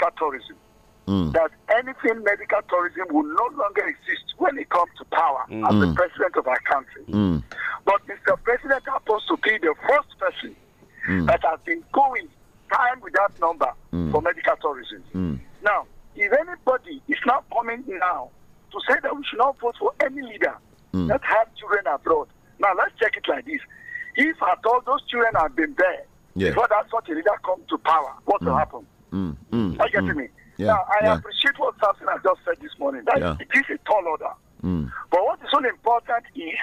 medical tourism. Mm. That anything medical tourism will no longer exist when it comes to power mm. as the hmm. president of our country. Mm. But Mr. President happens to be the first person hmm. that has been going time without number hmm. for medical tourism. Now, if anybody is not coming now to say that we should not vote for any leader that has children abroad, now let's check it like this. If at all those children have been there yeah. before that such a leader comes to power, what will happen? Mm, mm, Are you getting mm. me? Yeah, now, I yeah. appreciate what Samson has just said this morning. That yeah. it is a tall order. Mm. But what is so important is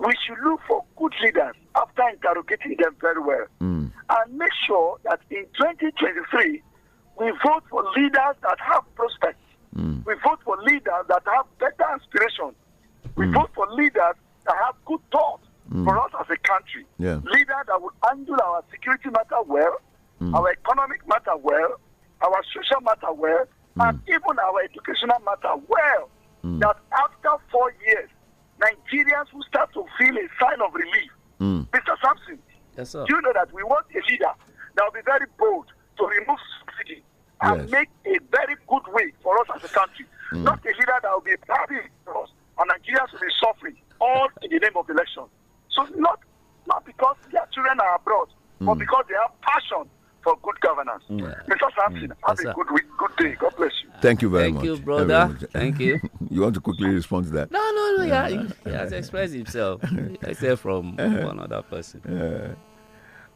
we should look for good leaders after interrogating them very well mm. and make sure that in 2023 we vote for leaders that have prospects. Mm. We vote for leaders that have better aspiration. We mm. vote for leaders that have good thought mm. for us as a country. Yeah. Leaders that will handle our security matter well, our economic matter well, our social matter well, mm. and even our educational matter well. Mm. That after four years, Nigerians will start to feel a sign of relief. Mm. Mr. Sampson, yes, sir. you know that we want a leader that will be very bold to remove subsidy and yes. make a very good way for us as a country. Hmm. Not a leader that will be partying for us and Nigerians will be suffering all in the name of election. So not not because their children are abroad, but hmm. because they have passion for good governance. Yeah. Mr. Sampson, mm. have yes, a good week, good day. God bless you. Thank you very Thank much. Thank you, brother. Thank you. you want to quickly respond to that? No, no, no. Yeah, he, he has expressed himself. except from uh-huh. one other person.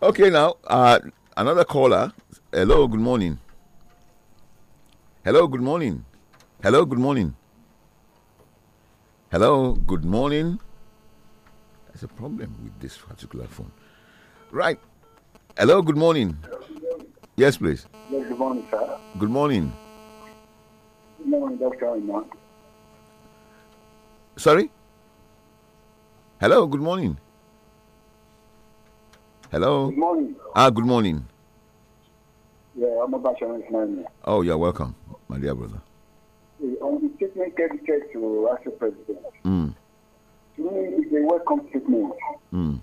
okay, now uh, another caller. Hello, good morning. Hello, good morning. Hello, good morning. Hello, good morning. There's a problem with this particular phone. Right. Hello, good morning. Hello. Yes, please. good morning, sir. Good morning. Good morning, Dr. Iman. Sorry? Hello, good morning. Hello. Good morning. Ah, good morning. Yeah, I'm about to Oh, you're yeah, welcome, my dear brother. On the statement dedicated to Russia President, mm. to me, it's a welcome statement. Mm.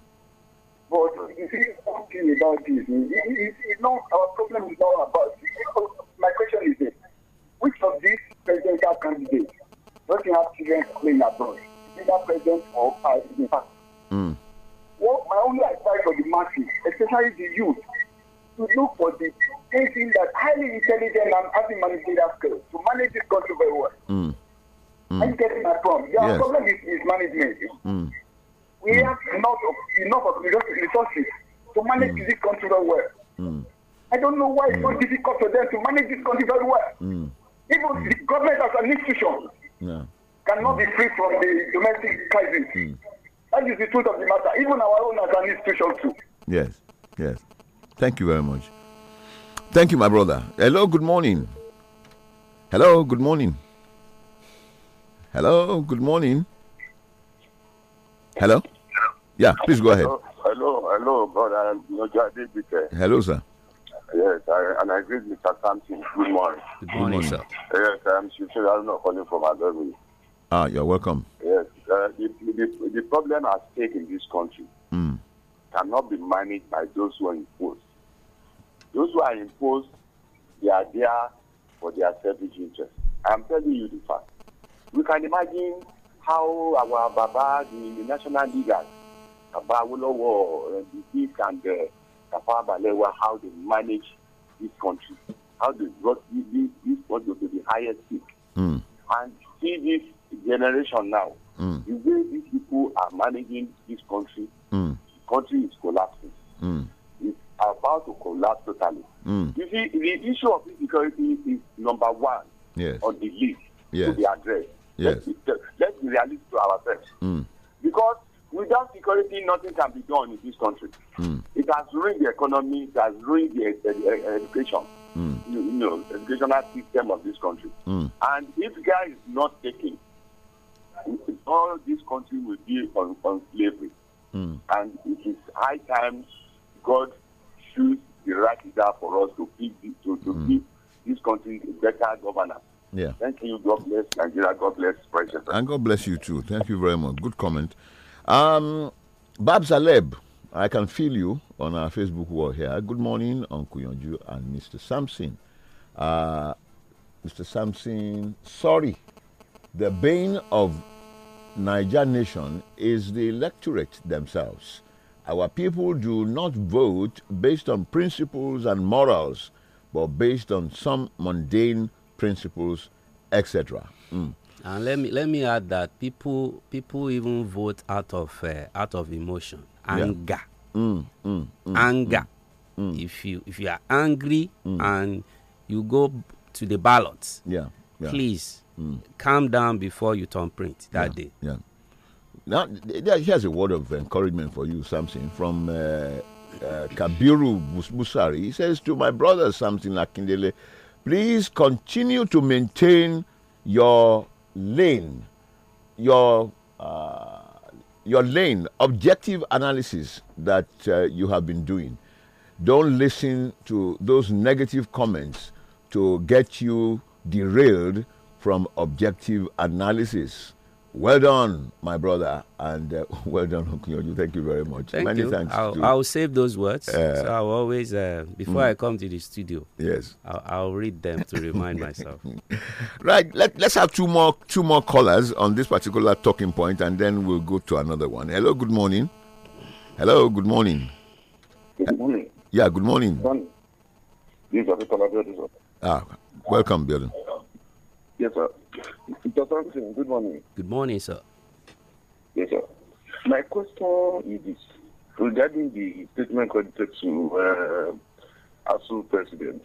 But if he's talking about this, it's, it's not, our problem is not about. My question is this which of these presidential candidates doesn't have children playing abroad, either president or in fact? Mm. Well, my only advice for the masses, especially the youth, to look for the anything that highly intelligent and having managerial skills to manage this country very well. Mm. Mm. I'm getting my problem. Their yes. problem is, is management. Mm. we have enough of, enough of resources to manage mm. this country very well. Mm. I don't know why it's so mm. difficult for them to manage this country very well. Mm. Even mm. the government as an institution yeah. cannot be free from the domestic crisis. That is the truth of the matter. Even our own as an institution too. Yes, yes. Thank you very much. Thank you, my brother. Hello, good morning. Hello, good morning. Hello, good morning. Hello. Yeah, please go ahead. Hello, hello, brother. Hello, sir. Yes, I, and I greet Mr. Sampson. Good morning. Good morning, sir. Yes, I'm Shifsir Aruna calling from Adobe. Ah, you're welcome. Yes, uh, the, the, the, problem at stake in this country mm. cannot be managed by those who are imposed. Those who are imposed, they are there for their selfish interest. I'm telling you the fact. We can imagine how our Baba, the, the national leaders, Baba Awolowo, uh, Dick, and Tafawa uh, Balewa, how they manage this country, how they brought this, this country to the highest peak. Mm. And see this generation now, mm. the way these people are managing this country, mm. the country is collapsing. Hmm. It's about to collapse totally. Hmm. You see, the issue of insecurity is number one yes. on the list yes. to be addressed. Yes. Let's, be, let's be realistic to ourselves. Hmm. Because Without security, nothing can be done in this country. Mm. It has ruined the economy, it has ruined the uh, education, mm. you, you, know, educational system of this country. Mm. And if guy is not taking, all this country will be on, on slavery. Hmm. And it is high time God choose the right leader for us to give to, to hmm. this country a better governor. Yeah. Thank you. God bless Nigeria. God bless President. And God bless you too. Thank you very much. Good comment. Um, Bab Zaleb, I can feel you on our Facebook wall here. Good morning, Uncle Yonju and Mr. Sampson. Uh, Mr. Sampson, sorry, the bane of Niger nation is the electorate themselves. Our people do not vote based on principles and morals, but based on some mundane principles, etc. Mm. And let me let me add that people people even vote out of uh, out of emotion, anger, yeah. Mm, mm, mm, mm, anger. Mm, mm. If you if you are angry and you go to the ballot, yeah, yeah. please calm down before you turn print that yeah, day. Yeah. Now here's a word of encouragement for you, Something from. Uh, uh, Kabiru Busari, he says to my brother Samson Akindele, please continue to maintain your lane, your uh, your lane, objective analysis that uh, you have been doing. Don't listen to those negative comments to get you derailed from objective analysis. Well done, my brother, and uh, well done, Okunyoju. Thank you very much. Thank Many you. thanks. I'll, to, I'll save those words. Uh, so I'll always, uh, before mm, I come to the studio, yes, I'll, I'll read them to remind myself. Right. Let, let's have two more two more callers on this particular talking point, and then we'll go to another one. Hello. Good morning. Hello. Good morning. Good morning. Yeah. Good morning. Good morning. Ah, welcome, Biodun. Yes, sir. Dr. Anthony, good morning. Good morning, sir. Yes, sir. My question is this, regarding the statement credited to uh, ASU president.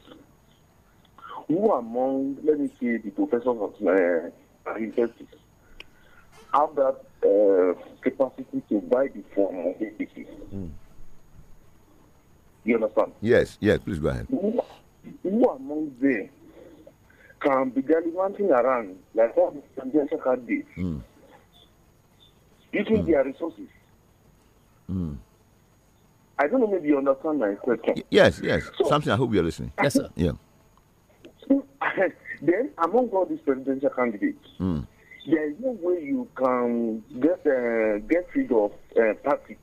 Who among, let me say, the professors of uh, university have that uh, capacity to buy the form of APC? Mm. You understand? Yes, yes, please go ahead. Who, who among them can hmm. be gallivanting around like how the Tanzania had this, mm. using mm. their resources. Mm. I don't know, maybe you understand my question. Y yes, yes. So, Something I hope you're listening. Yes, sir. Yeah. So, then, among all these presidential candidates, mm. there is no way you can get uh, get rid of uh, party.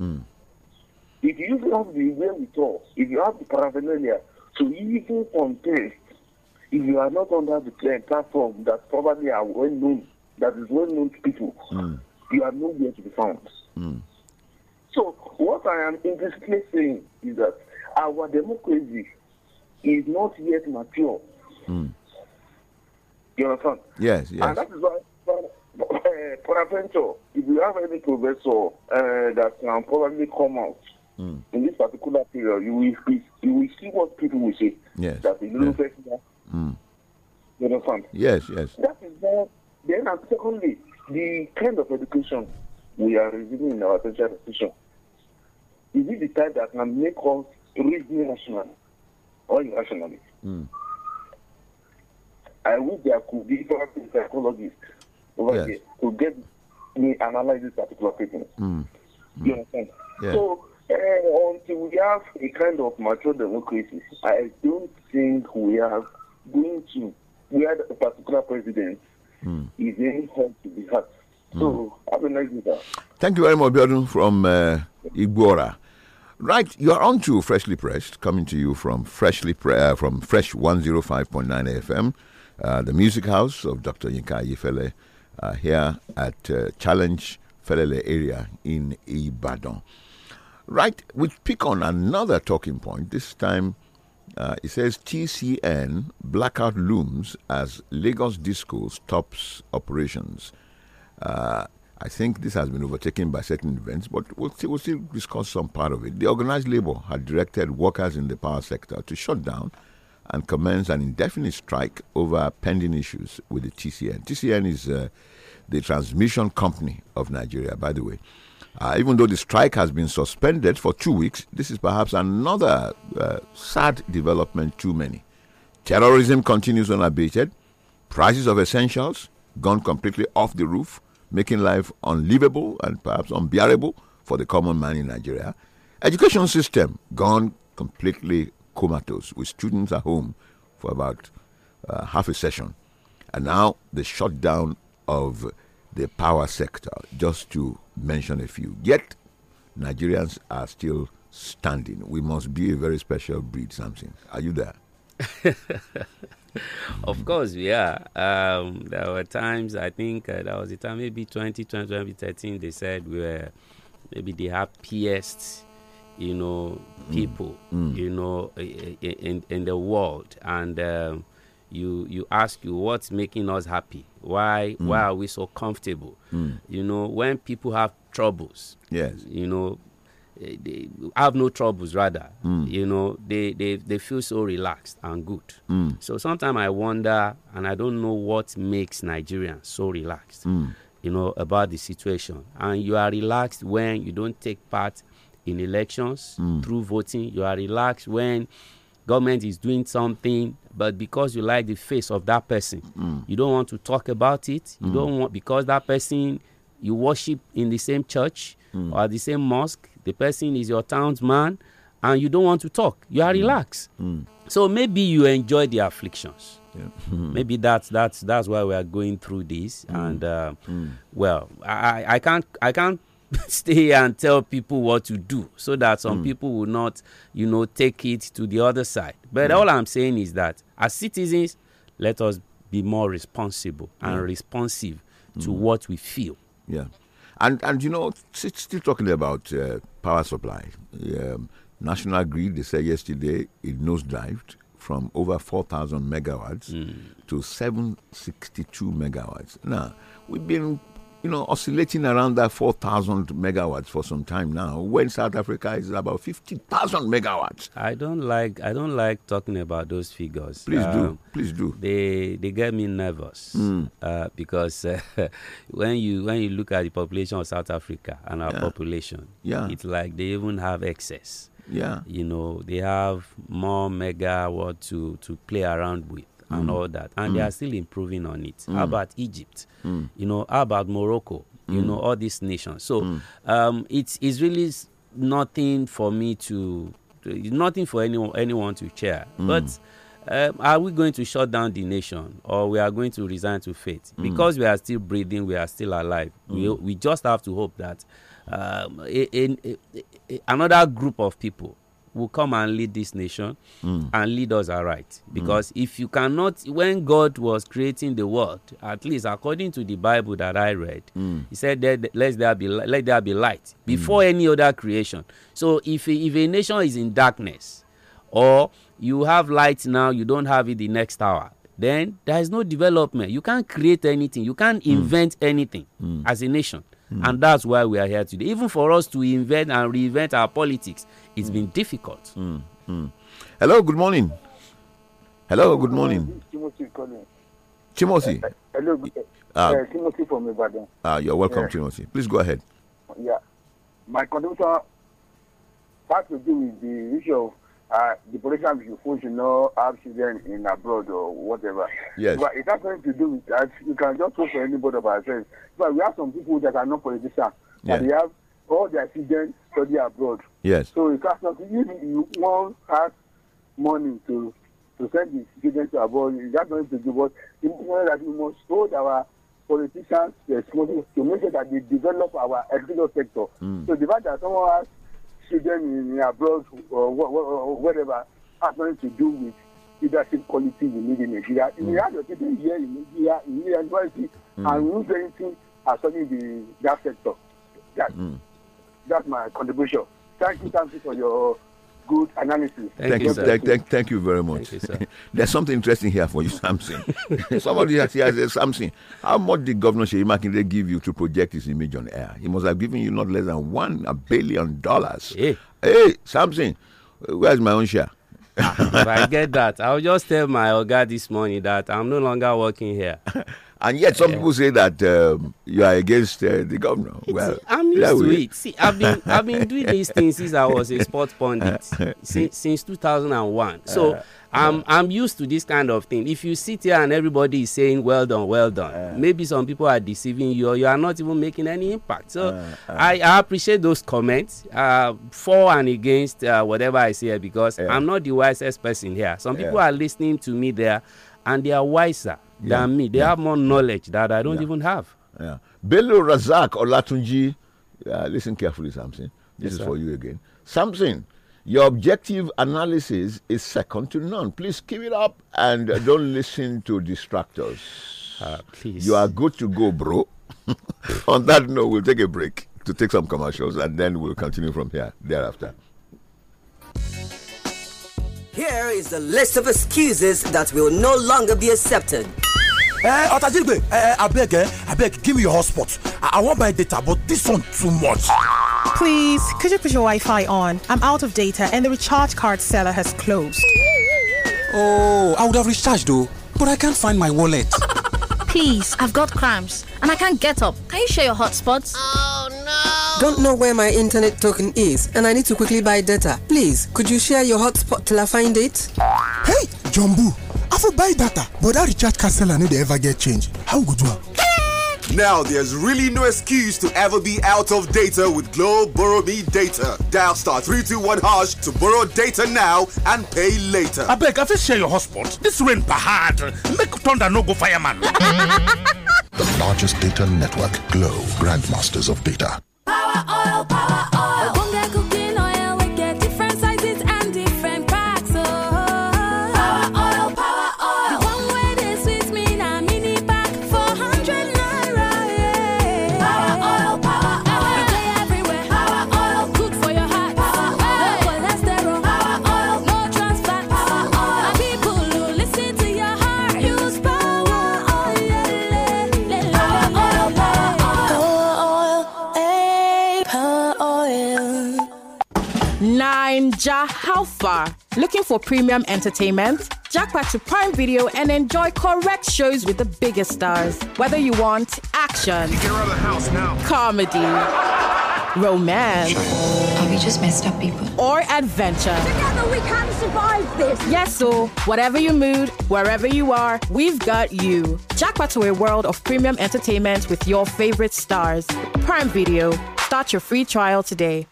Mm. If you have the talk, if you have the paraphernalia to even contest if you are not under the platform that probably are well known, that is well known to people, mm. you are nowhere to be found. Mm. So, what I am implicitly saying is that our democracy is not yet mature. Mm. You understand? Yes, yes. And that is why, uh, eh, peradventure, if you have any professor uh, that can probably come out mm. in this particular period, you will, you will see what people will say. Yes. That the university Mm. You understand? Yes, yes. That is more. Then, and secondly, the kind of education we are receiving in our tertiary institution is it the type that can make us reason rationally or irrationally? Mm. I wish there could be a psychologist over yes. here to get me analyze this particular thing. Mm. Mm. You understand? Yeah. So uh, until we have a kind of mature democracy, I don't think we have going to where a particular president mm. is any help to be had. Hmm. So mm. have a nice day. Thank you very much, Biodun, from uh, Igbora. Right, you are on to Freshly Pressed, coming to you from Freshly Pre- uh, from Fresh 105.9 FM, uh, the music house of Dr. Yinka Yifele, uh, here at uh, Challenge Felele area in Ibadan. Right, we pick on another talking point, this time uh, it says TCN blackout looms as Lagos Disco stops operations. Uh, I think this has been overtaken by certain events, but we'll, we'll still discuss some part of it. The organized labor had directed workers in the power sector to shut down and commence an indefinite strike over pending issues with the TCN. TCN is uh, the transmission company of Nigeria, by the way. Uh, even though the strike has been suspended for two weeks, this is perhaps another uh, sad development too many. Terrorism continues unabated. Prices of essentials gone completely off the roof, making life unlivable and perhaps unbearable for the common man in Nigeria. Education system gone completely comatose, with students at home for about uh, half a session. And now the shutdown of the power sector, just to mention a few. Yet, Nigerians are still standing. We must be a very special breed, something. Are you there? of course, we are. Um, there were times, I think uh, there was a time, maybe 2012, 2013, they said we were maybe the happiest, you know, mm. people, mm. Mm. you know, in, in the world. And um, you, you ask you what's making us happy why mm. why are we so comfortable mm. you know when people have troubles yes you know eh, they have no troubles rather mm. you know they, they they feel so relaxed and good hmm. so sometimes i wonder and i don't know what makes nigerians so relaxed hmm. you know about the situation and you are relaxed when you don't take part in elections hmm. through voting you are relaxed when government is doing something but because you like the face of that person mm. you don't want to talk about it you mm. don't want because that person you worship in the same church mm. or the same mosque the person is your townsman and you don't want to talk you are mm. relaxed mm. so maybe you enjoy the afflictions yeah. maybe that's that's that's why we are going through this mm. and uh, well I, I can't i can't stay and tell people what to do so that some mm. people will not, you know, take it to the other side. But mm. all I'm saying is that as citizens, let us be more responsible and mm. responsive to hmm. what we feel. Yeah. And, and you know, still talking about uh, power supply, um, national grid, they said yesterday, it nosedived from over 4,000 megawatts mm. to 762 megawatts. Now, we've been you know, oscillating around that 4,000 megawatts for some time now, when South Africa is about 50,000 megawatts. I don't like I don't like talking about those figures. Please um, do, please do. They they get me nervous mm. uh, because uh, when you when you look at the population of South Africa and our yeah. population, yeah. it's like they even have excess. Yeah, you know, they have more megawatt to to play around with mm. and all that. And mm. they are still improving on it. Mm. How about Egypt? Mm. You know, how about Morocco? You mm. know, all these nations. So um, it's, it's really nothing for me to, nothing for anyone, anyone to share. But um, are we going to shut down the nation or we are going to resign to fate mm. because we are still breathing we are still alive mm. we, we just have to hope that um, a, a, a, another group of people will come and lead this nation mm. and lead us aright. Mm. Because mm. if you cannot, when God was creating the world, at least according to the Bible that I read, mm. He said let there be let there be light mm. before any other creation. So if if a nation is in darkness, or you have light now, you don't have it the next hour. Then there is no development. You can't create anything. You can't mm. invent anything as a nation. And that's why we are here today. Even for us to invent and reinvent our politics, it's mm. been difficult. Mm. Mm. Hello, good morning. Hello, good morning. Timothy calling. Timothy. Uh, hello, uh, uh, Timothy from Ibadan. Ah, you're welcome, yeah. Uh, Timothy. Please go ahead. Yeah, my contribution has to do with the issue of uh, the politicians you should not have children in abroad or whatever. Yes. But it has nothing to do with that. You can just vote for anybody by ourselves. But we have some people that are not politicians. Yeah. And they have all their children study abroad. Yes. So you not if you want have money to to send the students to abroad, you don't nothing to do. What in that we must hold our politicians responsible to make sure that they develop our educational sector. Mm. So the fact that someone has children in abroad or whatever has nothing to do with leadership quality we need in Nigeria. Mm. We have your people here in Nigeria, in Nigeria, mm. and we don't do something the that sector. That, mm. That's my contribution. Thank you, thank you for your good analysis. Thank, thank you, sir. Thank, thank, thank, you very much. You, There's something interesting here for you, Samson. Somebody has said, Samson, how much did Governor Sheyi give you to project his image on air? He must have given you not less than one billion dollars. Hey, hey Samson, where's my own share? Ah, if I get that, I'll just tell my guy this morning that I'm no longer working here. And yet, some yeah. people say that um, you are against uh, the governor. Well, I'm used to it. See, I've been I've been doing these things since I was a sports pundit uh-huh. since, since 2001. So uh, I'm yeah. I'm used to this kind of thing. If you sit here and everybody is saying well done, well done, uh, maybe some people are deceiving you, or you are not even making any impact. So I, I, appreciate those comments uh, for and against uh, whatever I say because yeah. I'm not the wisest person here. Some people are listening to me there, and they are wiser yeah. than me. They yeah. have more knowledge that I don't even have. Yeah. Bello Razak Olatunji, uh, listen carefully, Samson. This yes, is sir. for you again. Samson, your objective analysis is second to none. Please keep it up and don't listen to distractors. Uh, please. You are good to go, bro. On that note, we'll take a break to take some commercials and then we'll continue from here thereafter. Here is the list of excuses that will no longer be accepted. Eh, Otajigbe, eh, I beg, eh, I beg, eh, give me your hotspot. I, I want my data, but this one too much. Please, could you put your Wi-Fi on? I'm out of data and the recharge card seller has closed. Oh, I would have recharged though, but I can't find my wallet. Please, I've got cramps and I can't get up. Can you share your hotspots? Oh no! Don't know where my internet token is and I need to quickly buy data. Please, could you share your hotspot till I find it? Hey, Jumbo, I to buy data, but that recharge card seller need ever get change. How good one? Now there's really no excuse to ever be out of data with Glow Borrow Me Data. Dial star 321 hash to borrow data now and pay later. I beg, I fit share your hotspot. This rain bahad. Make thunder no go fireman. the largest data network, Glow, grandmasters of data. Power oil, power I'm Ja Halfa. Looking for premium entertainment? Jackpot to Prime Video and enjoy correct shows with the biggest stars. Whether you want action, comedy, romance, have you just messed up people? Or adventure. Together we can survive this. Yes, so whatever your mood, wherever you are, we've got you. Jackpot to a world of premium entertainment with your favorite stars. Prime Video. Start your free trial today.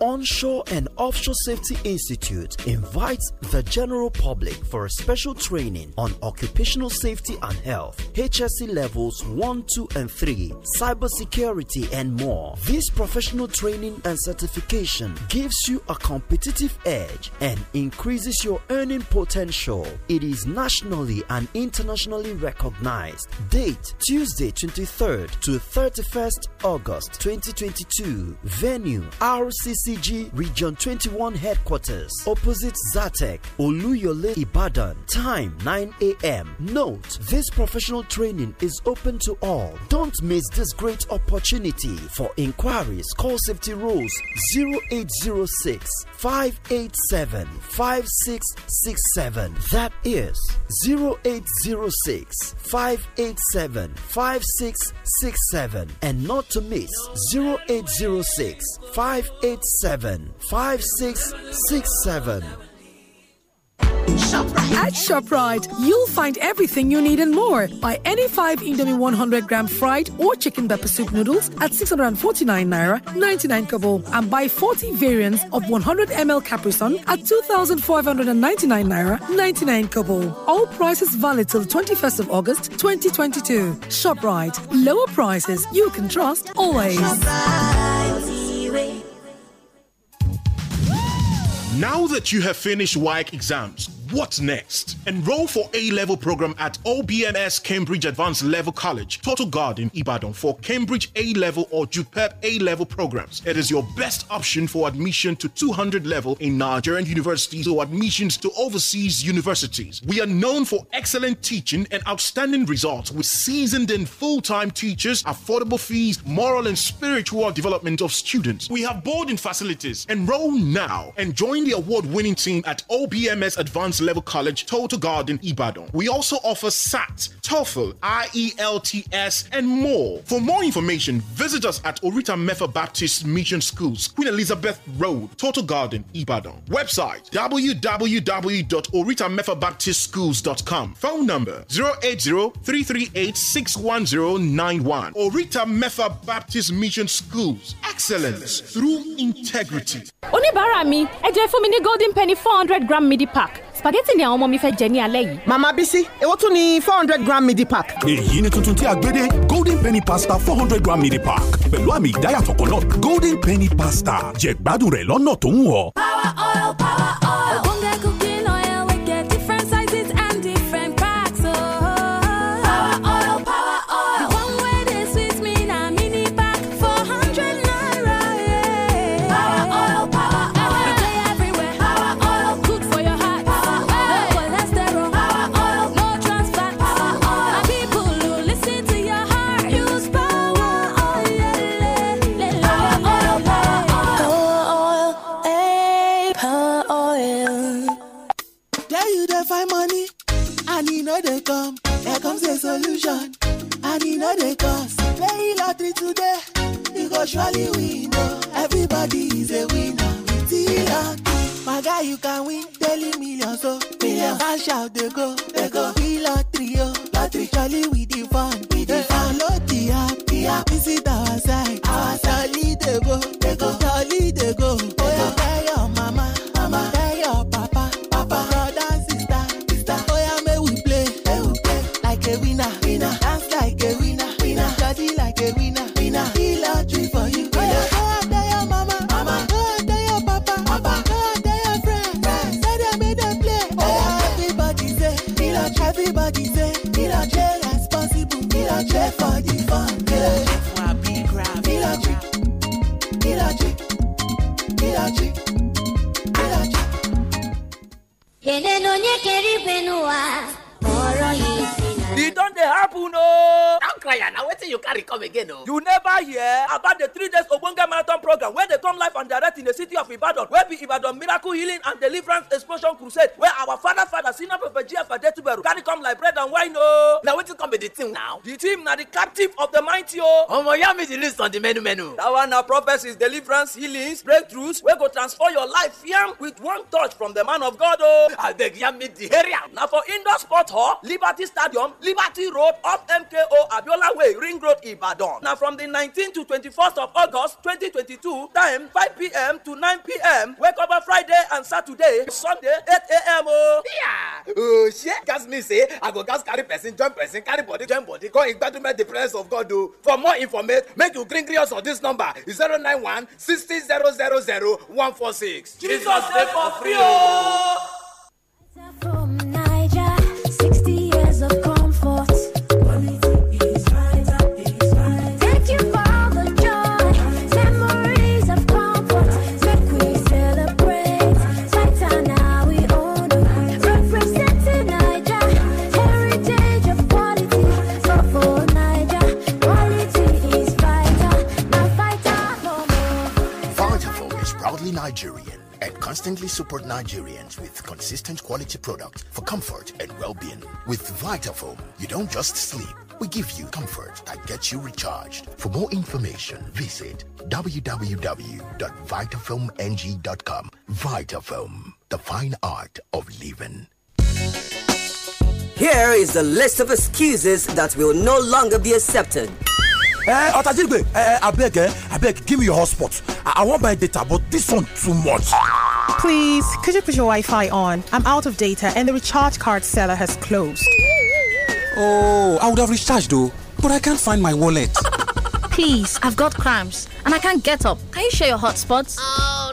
Onshore and Offshore Safety Institute invites the general public for a special training on occupational safety and health, HSE levels 1, 2, and 3, cybersecurity, and more. This professional training and certification gives you a competitive edge and increases your earning potential. It is nationally and internationally recognized. Date Tuesday, 23rd to 31st August 2022. Venue RCC FCG Region 21 headquarters, opposite Zatec, Oluyole, Ibadan. Time 9 a.m. Note, this professional training is open to all. Don't miss this great opportunity. For inquiries, call safety rules 0806 587 5667. That is 0806 587 5667. And not to miss 0806 587 seven five six six seven. ShopRite. At ShopRite, you'll find everything you need and more. Buy any five Indomie 100 gram fried or chicken pepper soup noodles at 649 naira 99 kobo, and buy 40 variants of 100 ml Capri Sun at 2,599 naira 99 kobo. All prices valid till 21st of August 2022. ShopRite, lower prices you can trust always. Now that you have finished WIC exams, What's next? Enroll for A-level program at OBMS Cambridge Advanced Level College, Total Garden, Ibadan for Cambridge A-level or JUPEP A-level programs. It is your best option for admission to 200 level in Nigerian universities or admissions to overseas universities. We are known for excellent teaching and outstanding results with seasoned and full-time teachers, affordable fees, moral and spiritual development of students. We have boarding facilities. Enroll now and join the award-winning team at OBMS Advanced Advanced Level College Total Garden Ibadan. We also offer SAT, TOEFL, IELTS, and more. For more information, visit us at Orita Mefa Baptist Mission Schools, Queen Elizabeth Road, Total Garden, Ibadan. Website www.oritamefabaptistschools.com. Phone number 080-338-61091. Orita Mefa Baptist Mission Schools. Excellence through integrity. Oníbàárà mi, ẹ jẹ́ fún mi ní golden penny four hundred gram midi pack. spaghetti ni àwọn ọmọ mi fẹ́ jẹ ní alẹ́ yìí. màmá bísí èwo tún ni four hundred gram midi pack. èyí ni tuntun tí a gbé dé golden penny pasta four hundred gram midi pack pẹ̀lú àmì ìdáyàtọ̀ kan náà golden penny pasta jẹ gbádùn rẹ̀ lọ́nà tó ń wọ̀. can win daily millions so millions cash out the go. Deliverance Explosion Crusade where our father father senior prophet GF Adetuberu carry come like bread and wine o. Oh? captain now. the team na the captive of the mighty o. Oh. ọmọ ìyá mi ti list on the menu menu. that one na prophecies deliverance healings breakthroughs wey go transform your life yam with one touch from the man of God o. Oh. abeg yam me the area. na for indoor sport hall liberty stadium liberty road off mko abiola way ring road ibadan. na from the nineteen to twenty-first of august twenty twenty-two time five pm to nine pm wey cover friday and saturday sunday eight am o. Oh ṣe oh, gas me say i go gas carry person join person carry body join body come igbadunme the presence of god o oh. for more information make you gree us on this number zero nine one sixty zero zero zero one four six. jesus dey oh. for free o. Nigerians with consistent quality product for comfort and well-being. With VitaFoam, you don't just sleep. We give you comfort that gets you recharged. For more information, visit www.vitafilmng.com. VitaFilm, the fine art of living. Here is the list of excuses that will no longer be accepted. Eh, Otajigbe, eh, beg, eh, beg, eh, give me your hotspot. I, I want my data, but this one too much. Please, could you put your Wi Fi on? I'm out of data and the recharge card seller has closed. Oh, I would have recharged though, but I can't find my wallet. Please, I've got cramps and I can't get up. Can you share your hotspots? Oh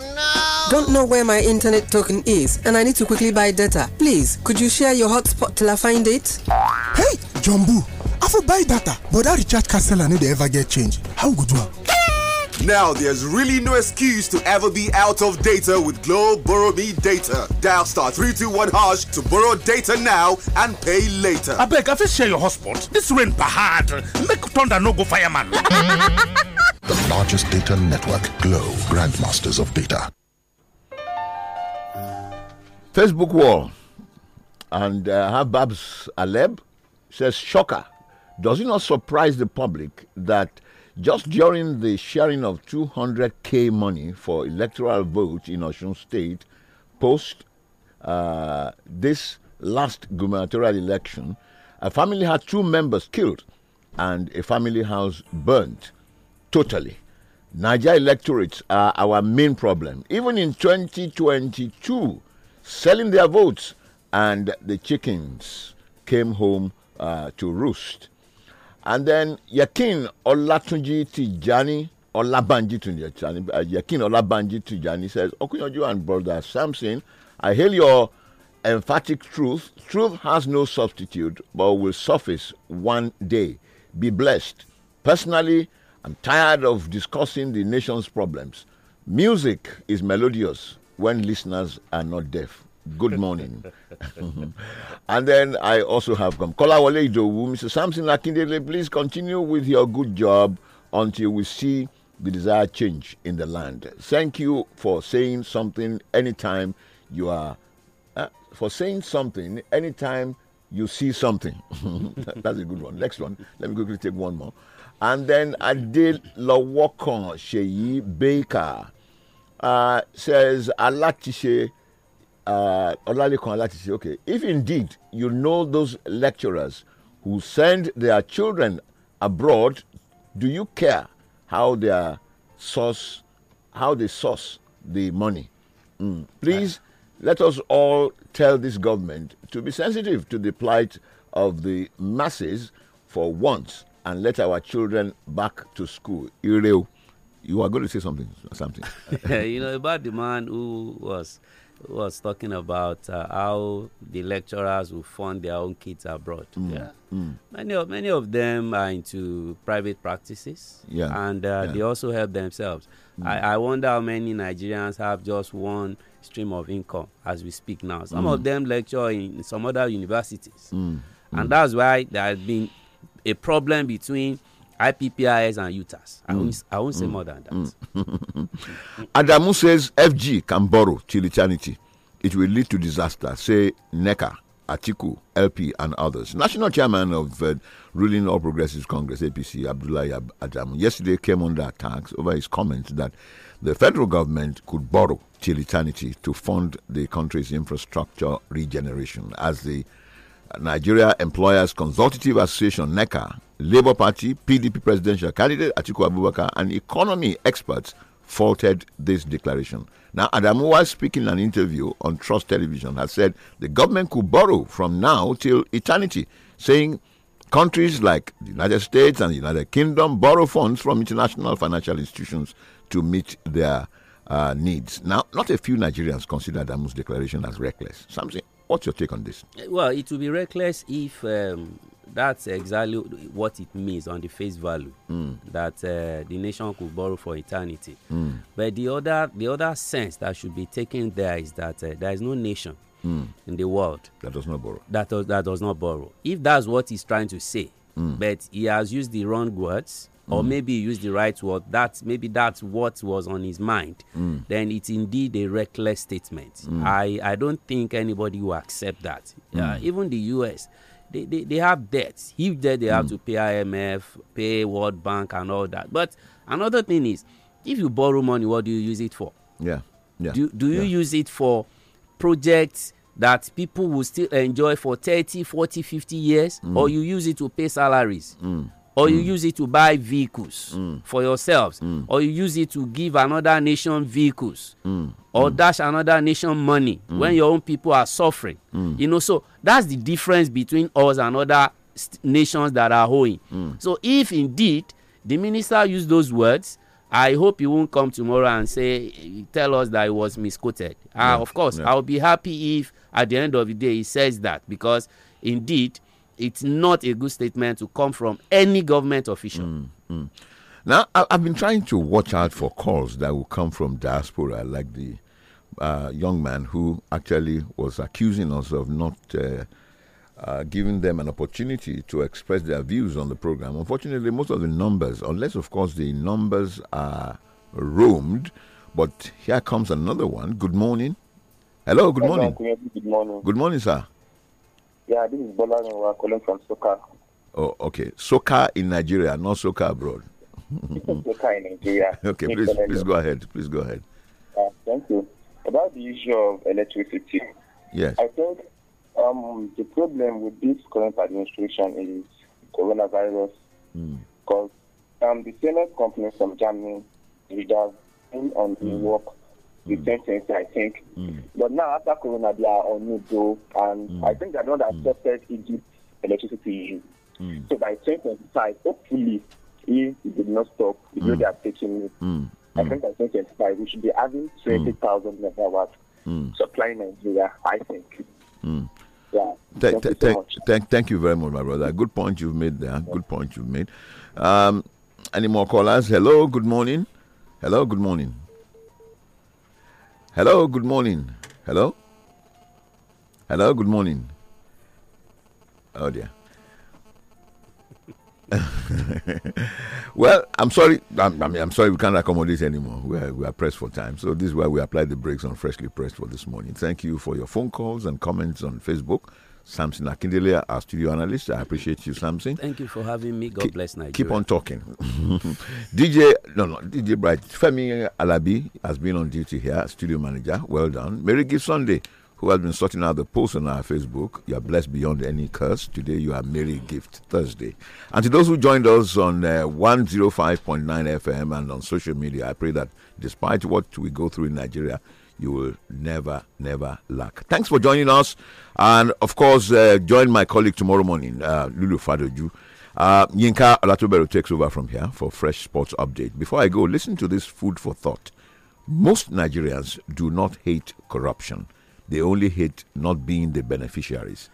no! Don't know where my internet token is and I need to quickly buy data. Please, could you share your hotspot till I find it? Hey, Jumbo, I will buy data, but that recharge card seller need to ever get change. How good one? Now there's really no excuse to ever be out of data with Glow Borrow Me Data. Dial star 321 hash to borrow data now and pay later. I beg, I fit share your hotspot. This rain bahad. Make thunder no go fireman. the largest data network, Glow, grandmasters of data. Facebook wall and uh, Habab's Aleb says, Shocker. Does it not surprise the public that just during the sharing of 200k money for electoral votes in Osun State, post uh, this last gubernatorial election, a family had two members killed and a family house burnt totally. Niger electorates are our main problem. Even in 2022, selling their votes and the chickens came home uh, to roost and then Yakin Olatunji Tijani Olabanji Tijani uh, Yakin Olabanji Tijani says Okuyanju and brother Samson I hail your emphatic truth truth has no substitute but will surface one day be blessed personally I'm tired of discussing the nation's problems music is melodious when listeners are not deaf good morning. and then I also have come. Kola Wale Idowu, Mr. Samson Akindele, please continue with your good job until we see the desired change in the land. Thank you for saying something anytime you are, uh, for saying something anytime you see something. That's a good one. Next one. Let me quickly take one more. And then I did Sheyi Baker. Uh, says Alatishe Olalekan uh, okay, if indeed you know those lecturers who send their children abroad, do you care how are source, how they source the money? Mm. Please, let us all tell this government to be sensitive to the plight of the masses for once and let our children back to school. Ireo, you are going to say something. Something. you know about the man who was was talking about uh, how the lecturers will fund their own kids abroad. Mm. Yeah. Mm. Many of many of them are into private practices. Yeah. And uh, yeah. they also help themselves. Mm. I, I wonder how many Nigerians have just one stream of income as we speak now. Some mm. of them lecture in, in some other universities. Mm. And mm. that's why there has been a problem between IPPIS and UTAS. I, hmm. won't, I won't say mm. more than that. Mm. Adamu says FG can borrow till eternity. It will lead to disaster, say NECA, Atiku, LP, and others. National chairman of uh, ruling All Progressives Congress, APC, Abdullah Adamu, yesterday came under attacks over his comments that the federal government could borrow till eternity to fund the country's infrastructure regeneration as the Nigeria Employers Consultative Association, NECA, Labour Party, PDP presidential candidate Atiku Abubakar, and economy experts faulted this declaration. Now, Adamu, while speaking in an interview on Trust Television, has said the government could borrow from now till eternity, saying countries like the United States and the United Kingdom borrow funds from international financial institutions to meet their uh, needs. Now, not a few Nigerians consider Adamu's declaration as reckless. Something What's your take on this? Eh, well, it would be reckless if um, that's exactly what it means on the face value mm. that uh, the nation could borrow for eternity. Mm. But the other the other sense that should be taken there is that uh, there is no nation mm. in the world that does not borrow. That that does not borrow. If that's what he's trying to say, hmm. but he has used the wrong words or mm. maybe use the right word that maybe that's what was on his mind mm. then it's indeed a reckless statement mm. i i don't think anybody will accept that uh, even the us they, they, they have debts huge debt they have mm. to pay imf pay world bank and all that but another thing is if you borrow money what do you use it for yeah yeah do, do you yeah. use it for projects that people will still enjoy for 30 40 50 years mm. or you use it to pay salaries or you hmm. use it to buy vehicles hmm. for yourselves hmm. or you use it to give another nation vehicles or dash another nation money when your own people are suffering you know so that's the difference between us and other nations that are owing so if indeed the minister used those words i hope he won't come tomorrow and say tell us that he was misquoted uh, of course yeah. i'll be happy if at the end of the day he says that because indeed it's not a good statement to come from any government official. Mm, mm. Now, I, have been trying to watch out for calls that will come from diaspora, like the uh, young man who actually was accusing us of not uh, uh, giving them an opportunity to express their views on the program. Unfortunately, most of the numbers, unless, of course, the numbers are roamed, but here comes another one. Good morning. Hello, good morning. Good morning, good morning sir. Yeah, this is Bola We're calling from Soka. Oh, okay. Soka in Nigeria, not Soka abroad. Soka in Nigeria. Okay, please, please go ahead. Please go ahead. Uh, thank you. About the issue of electricity. Yes. I think um, the problem with this current administration is coronavirus. Mm. Because um, the same company from Germany, we have been on the hmm. work the mm. best I think. Mm. But now, after Corona, they are on go, and mm. I think they're the one that accepted Egypt electricity. So by 2025, hopefully, if it did not stop, if mm. they are taking it, I think by 2025, we should be having 20,000 megawatts supplying Nigeria, I think. Yeah. Thank, thank, you so thank, thank, you very much, my brother. Good point you've made there. Good point you've made. Um, any more callers? Hello, good morning. Hello, good morning. Hello, good morning. Hello? Hello, good morning. Oh dear. well, I'm sorry. I'm, I mean, I'm sorry we can't accommodate anymore. We are, we are pressed for time. So this is why we apply the brakes on Freshly Pressed for this morning. Thank you for your phone calls and comments on Facebook. Samson Akindele, our studio analyst. I appreciate you, Samson. Thank you for having me. God bless Nigeria. Keep on talking. DJ, no, no, DJ Bright. Femi Alabi has been on duty here, studio manager. Well done. Mary Gift Sunday, who has been sorting out the posts on our Facebook. You are blessed beyond any curse. Today you are Mary Gift Thursday. And to those who joined us on uh, 105.9 FM and on social media, I pray that despite what we go through in Nigeria, you will never, never lack. Thanks for joining us. And of course, uh, join my colleague tomorrow morning, uh, Lulu Fadoju. Uh, Yinka Alatubero takes over from here for fresh sports update. Before I go, listen to this food for thought. Most Nigerians do not hate corruption, they only hate not being the beneficiaries.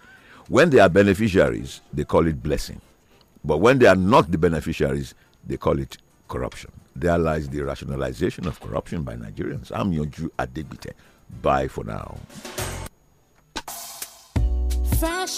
When they are beneficiaries, they call it blessing. But when they are not the beneficiaries, they call it corruption there lies the rationalization of corruption by Nigerians. I'm your Jew Adebite. Bye for now. Fresh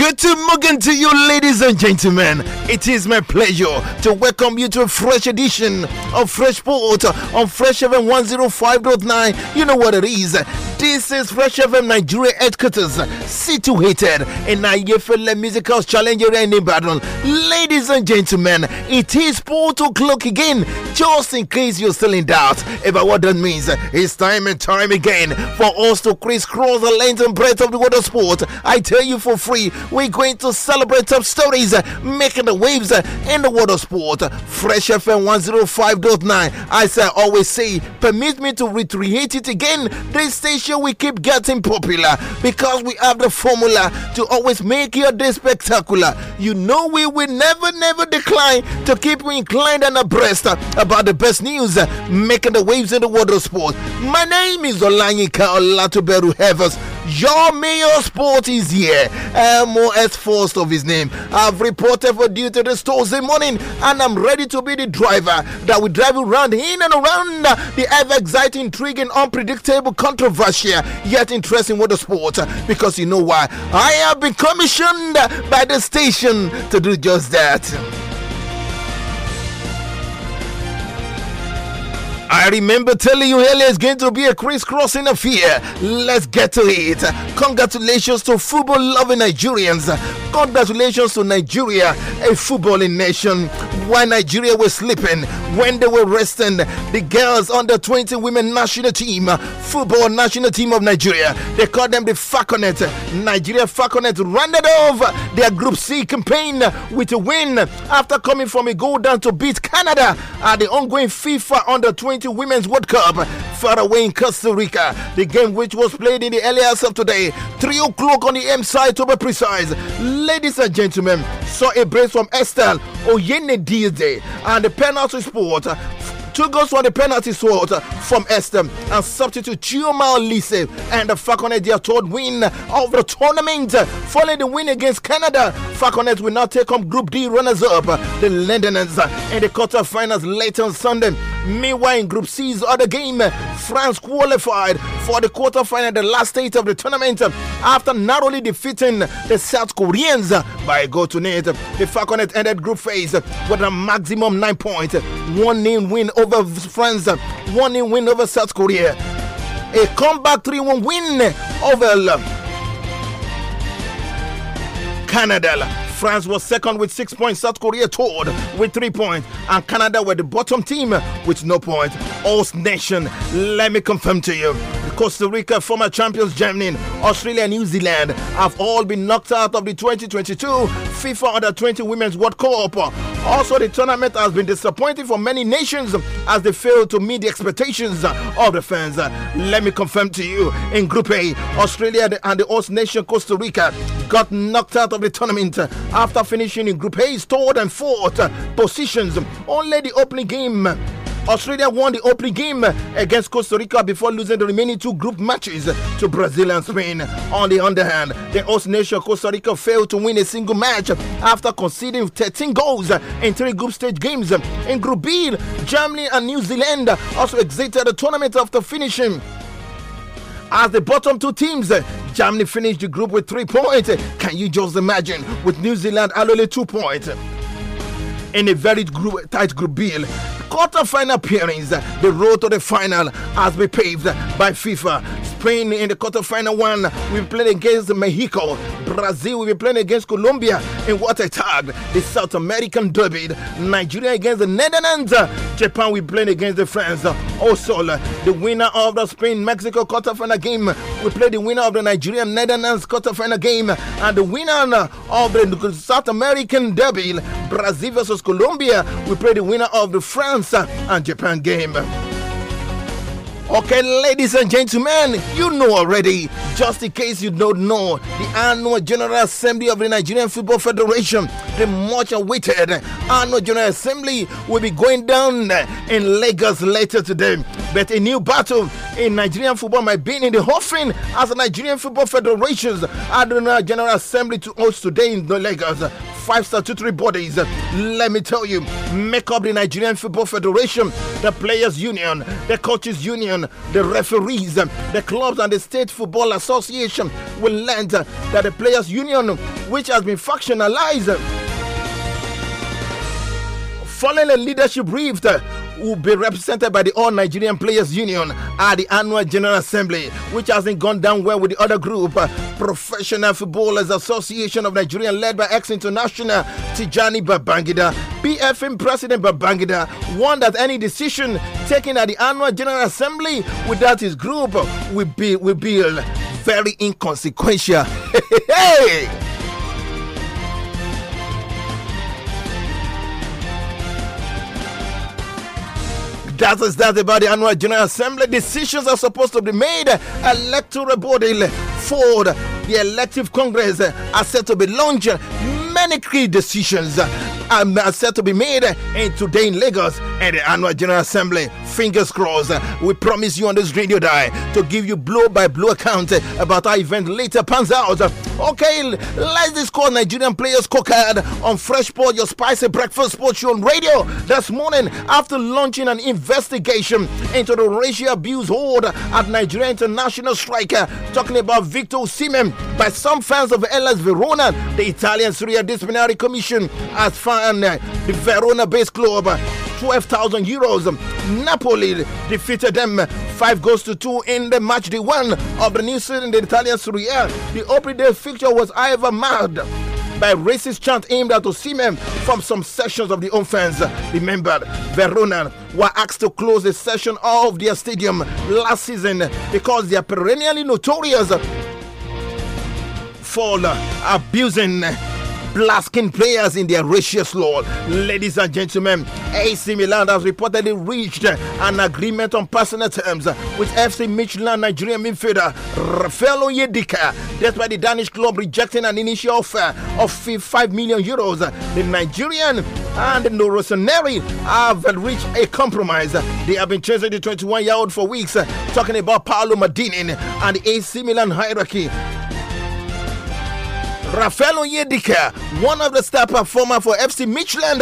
Good to morning to you, ladies and gentlemen. It is my pleasure to welcome you to a fresh edition of Fresh Port on Fresh FM 105.9. You know what it is. This is Fresh FM Nigeria headquarters, situated in Ayefele Musicals Challenge Area in Ibadan. Ladies and gentlemen, it is 4 o'clock again. Just in case you're still in doubt about what that means, it's time and time again for us to crisscross the length and breadth of the world of sport. I tell you for free, we're going to celebrate top stories uh, making the waves uh, in the world of sport. Fresh FM 105.9. As I always say, permit me to reiterate it again. This station we keep getting popular because we have the formula to always make your day spectacular. You know we will never, never decline to keep you inclined and abreast uh, about the best news making the waves in the world of sport. My name is Olanyika Olatuberu Hevers. Your Mayor Sport is here. MOS S first of his name. I've reported for duty this Thursday morning and I'm ready to be the driver that will drive you round in and around the ever exciting, intriguing, unpredictable, controversial, yet interesting world of sport. Because you know why? I have been commissioned by the station to do just that. I remember telling you earlier it's going to be a crisscrossing affair. Let's get to it. Congratulations to football loving Nigerians. Congratulations to Nigeria, a footballing nation. While Nigeria was sleeping, when they were resting, the girls under 20 women national team, football national team of Nigeria, they called them the Falconet. Nigeria Falconet rounded off their Group C campaign with a win after coming from a goal down to beat Canada at the ongoing FIFA under 20. Women's World Cup far away in Costa Rica. The game which was played in the early hours of today, 3 o'clock on the M side to be precise. Ladies and gentlemen, saw a brace from Estelle Oyenedize and the penalty spot Two goals for the penalty sword from Estem and substitute Chioma Lise and Falconet their third win of the tournament. Following the win against Canada, Falconet will now take on Group D runners-up, the Londoners, in the quarterfinals later on Sunday. Meanwhile, in Group C's other game, France qualified for the quarterfinal, the last stage of the tournament, after narrowly defeating the South Koreans by a goal to net. The Falconet ended group phase with a maximum nine points, one nil win over France, one nil win over South Korea, a comeback 3 1 win over. Canada France was second with six points. South Korea toured with three points. And Canada were the bottom team with no points. Host nation, let me confirm to you. Costa Rica, former champions Germany, Australia, New Zealand have all been knocked out of the 2022 FIFA Under 20 Women's World Cup. Also, the tournament has been disappointing for many nations as they failed to meet the expectations of the fans. Let me confirm to you in Group A, Australia and the host nation Costa Rica got knocked out of the tournament after finishing in Group A's third and fourth uh, positions, only the opening game Australia won the opening game against Costa Rica before losing the remaining two group matches to Brazil and Spain. On the other hand, the host nation Costa Rica failed to win a single match after conceding 13 goals in three group stage games. In Group B, Germany and New Zealand also exited the tournament after finishing as the bottom two teams. Uh, Germany finished the group with three points. Uh, can you just imagine? With New Zealand only two points. In a very group, tight group bill, quarter-final appearance, uh, the road to the final has been paved by FIFA. Spain in the quarter-final one will be playing against Mexico. Brazil will be playing against Colombia in what a tag! the South American derby. Nigeria against the Netherlands. Japan we play against the France. Also, oh, the winner of the Spain Mexico quarterfinal game, we play the winner of the Nigerian Netherlands quarterfinal game, and the winner of the South American derby, Brazil versus Colombia, we play the winner of the France and Japan game. Okay, ladies and gentlemen, you know already. Just in case you don't know, the annual General Assembly of the Nigerian Football Federation, the much awaited annual General Assembly, will be going down in Lagos later today. But a new battle in Nigerian football might be in the offering as the Nigerian Football Federation's annual General Assembly to host today in Lagos five statutory bodies. Let me tell you, make up the Nigerian Football Federation, the Players Union, the Coaches Union, the referees, the clubs, and the State Football Association will learn that the Players Union, which has been factionalized, following a leadership rift will be represented by the All Nigerian Players Union at the annual General Assembly, which hasn't gone down well with the other group. Professional Footballers Association of Nigeria, led by ex international Tijani Babangida. PFM President Babangida warned that any decision taken at the annual General Assembly without his group will be, will be very inconsequential. hey! That is that about the annual General Assembly. Decisions are supposed to be made. Electoral body for the elective congress are set to be launched many key decisions um, are set to be made in today in Lagos at the annual General Assembly. Fingers crossed. We promise you on this radio die to give you blow by blow account about our event later pans out. Okay, let's discuss Nigerian players' cocked on Fresh Port, your spicy breakfast sports show on radio this morning after launching an investigation into the racial abuse hold at Nigeria international striker, talking about Victor Simen by some fans of LS Verona, the Italian Serie the Disciplinary Commission has fined uh, the Verona-based club uh, 12,000 euros. Napoli defeated them five goals to two in the match The one of the new season in the Italian Serie A. The opening day fixture was however marred by racist chant aimed at Osimhen from some sections of the fans. Remember, Verona were asked to close the section of their stadium last season because they are perennially notorious for abusing blasting players in their racist law. Ladies and gentlemen, AC Milan has reportedly reached an agreement on personal terms with FC Michelin Nigerian midfielder Rafael Oyedika. Despite the Danish club rejecting an initial offer of 5 million euros, the Nigerian and the Rossoneri have reached a compromise. They have been chasing the 21 year old for weeks, talking about Paolo Madinin and the AC Milan hierarchy. Rafael Oyedike, one of the star performers for FC Midtjylland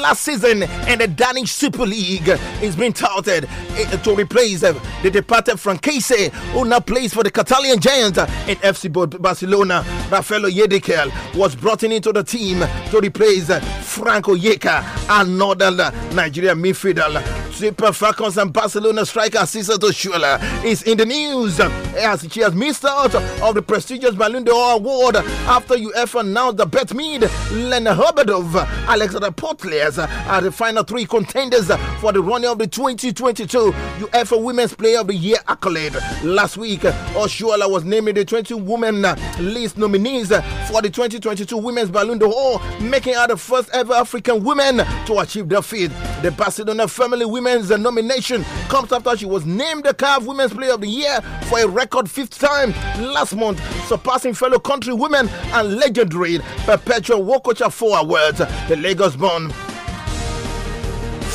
last season in the Danish Super League, is being touted eh, to replace eh, the departed Francaise, who now plays for the Catalan Giants in FC Barcelona. Rafael Oyedike was brought in into the team to replace eh, Franco Yeka, another Nigerian midfielder. Super Falcons and Barcelona striker Cesar Toshula is in the news as she has missed out of the prestigious Ballon d'Or award after after UEFA announced the Bet Mead, Len Hobedov, Alex Rapotles are the final three contenders for the running of the 2022 UEFA Women's Player of the Year accolade. Last week, Oshuala was named the 20 women list nominees for the 2022 Women's Balloon d'Or, making her the first ever African woman to achieve the feat. The Barcelona Family Women's nomination comes after she was named the CAF Women's Player of the Year for a record fifth time last month, surpassing fellow countrywomen and legendary Perpetual Wokocha Four Awards, the Lagos born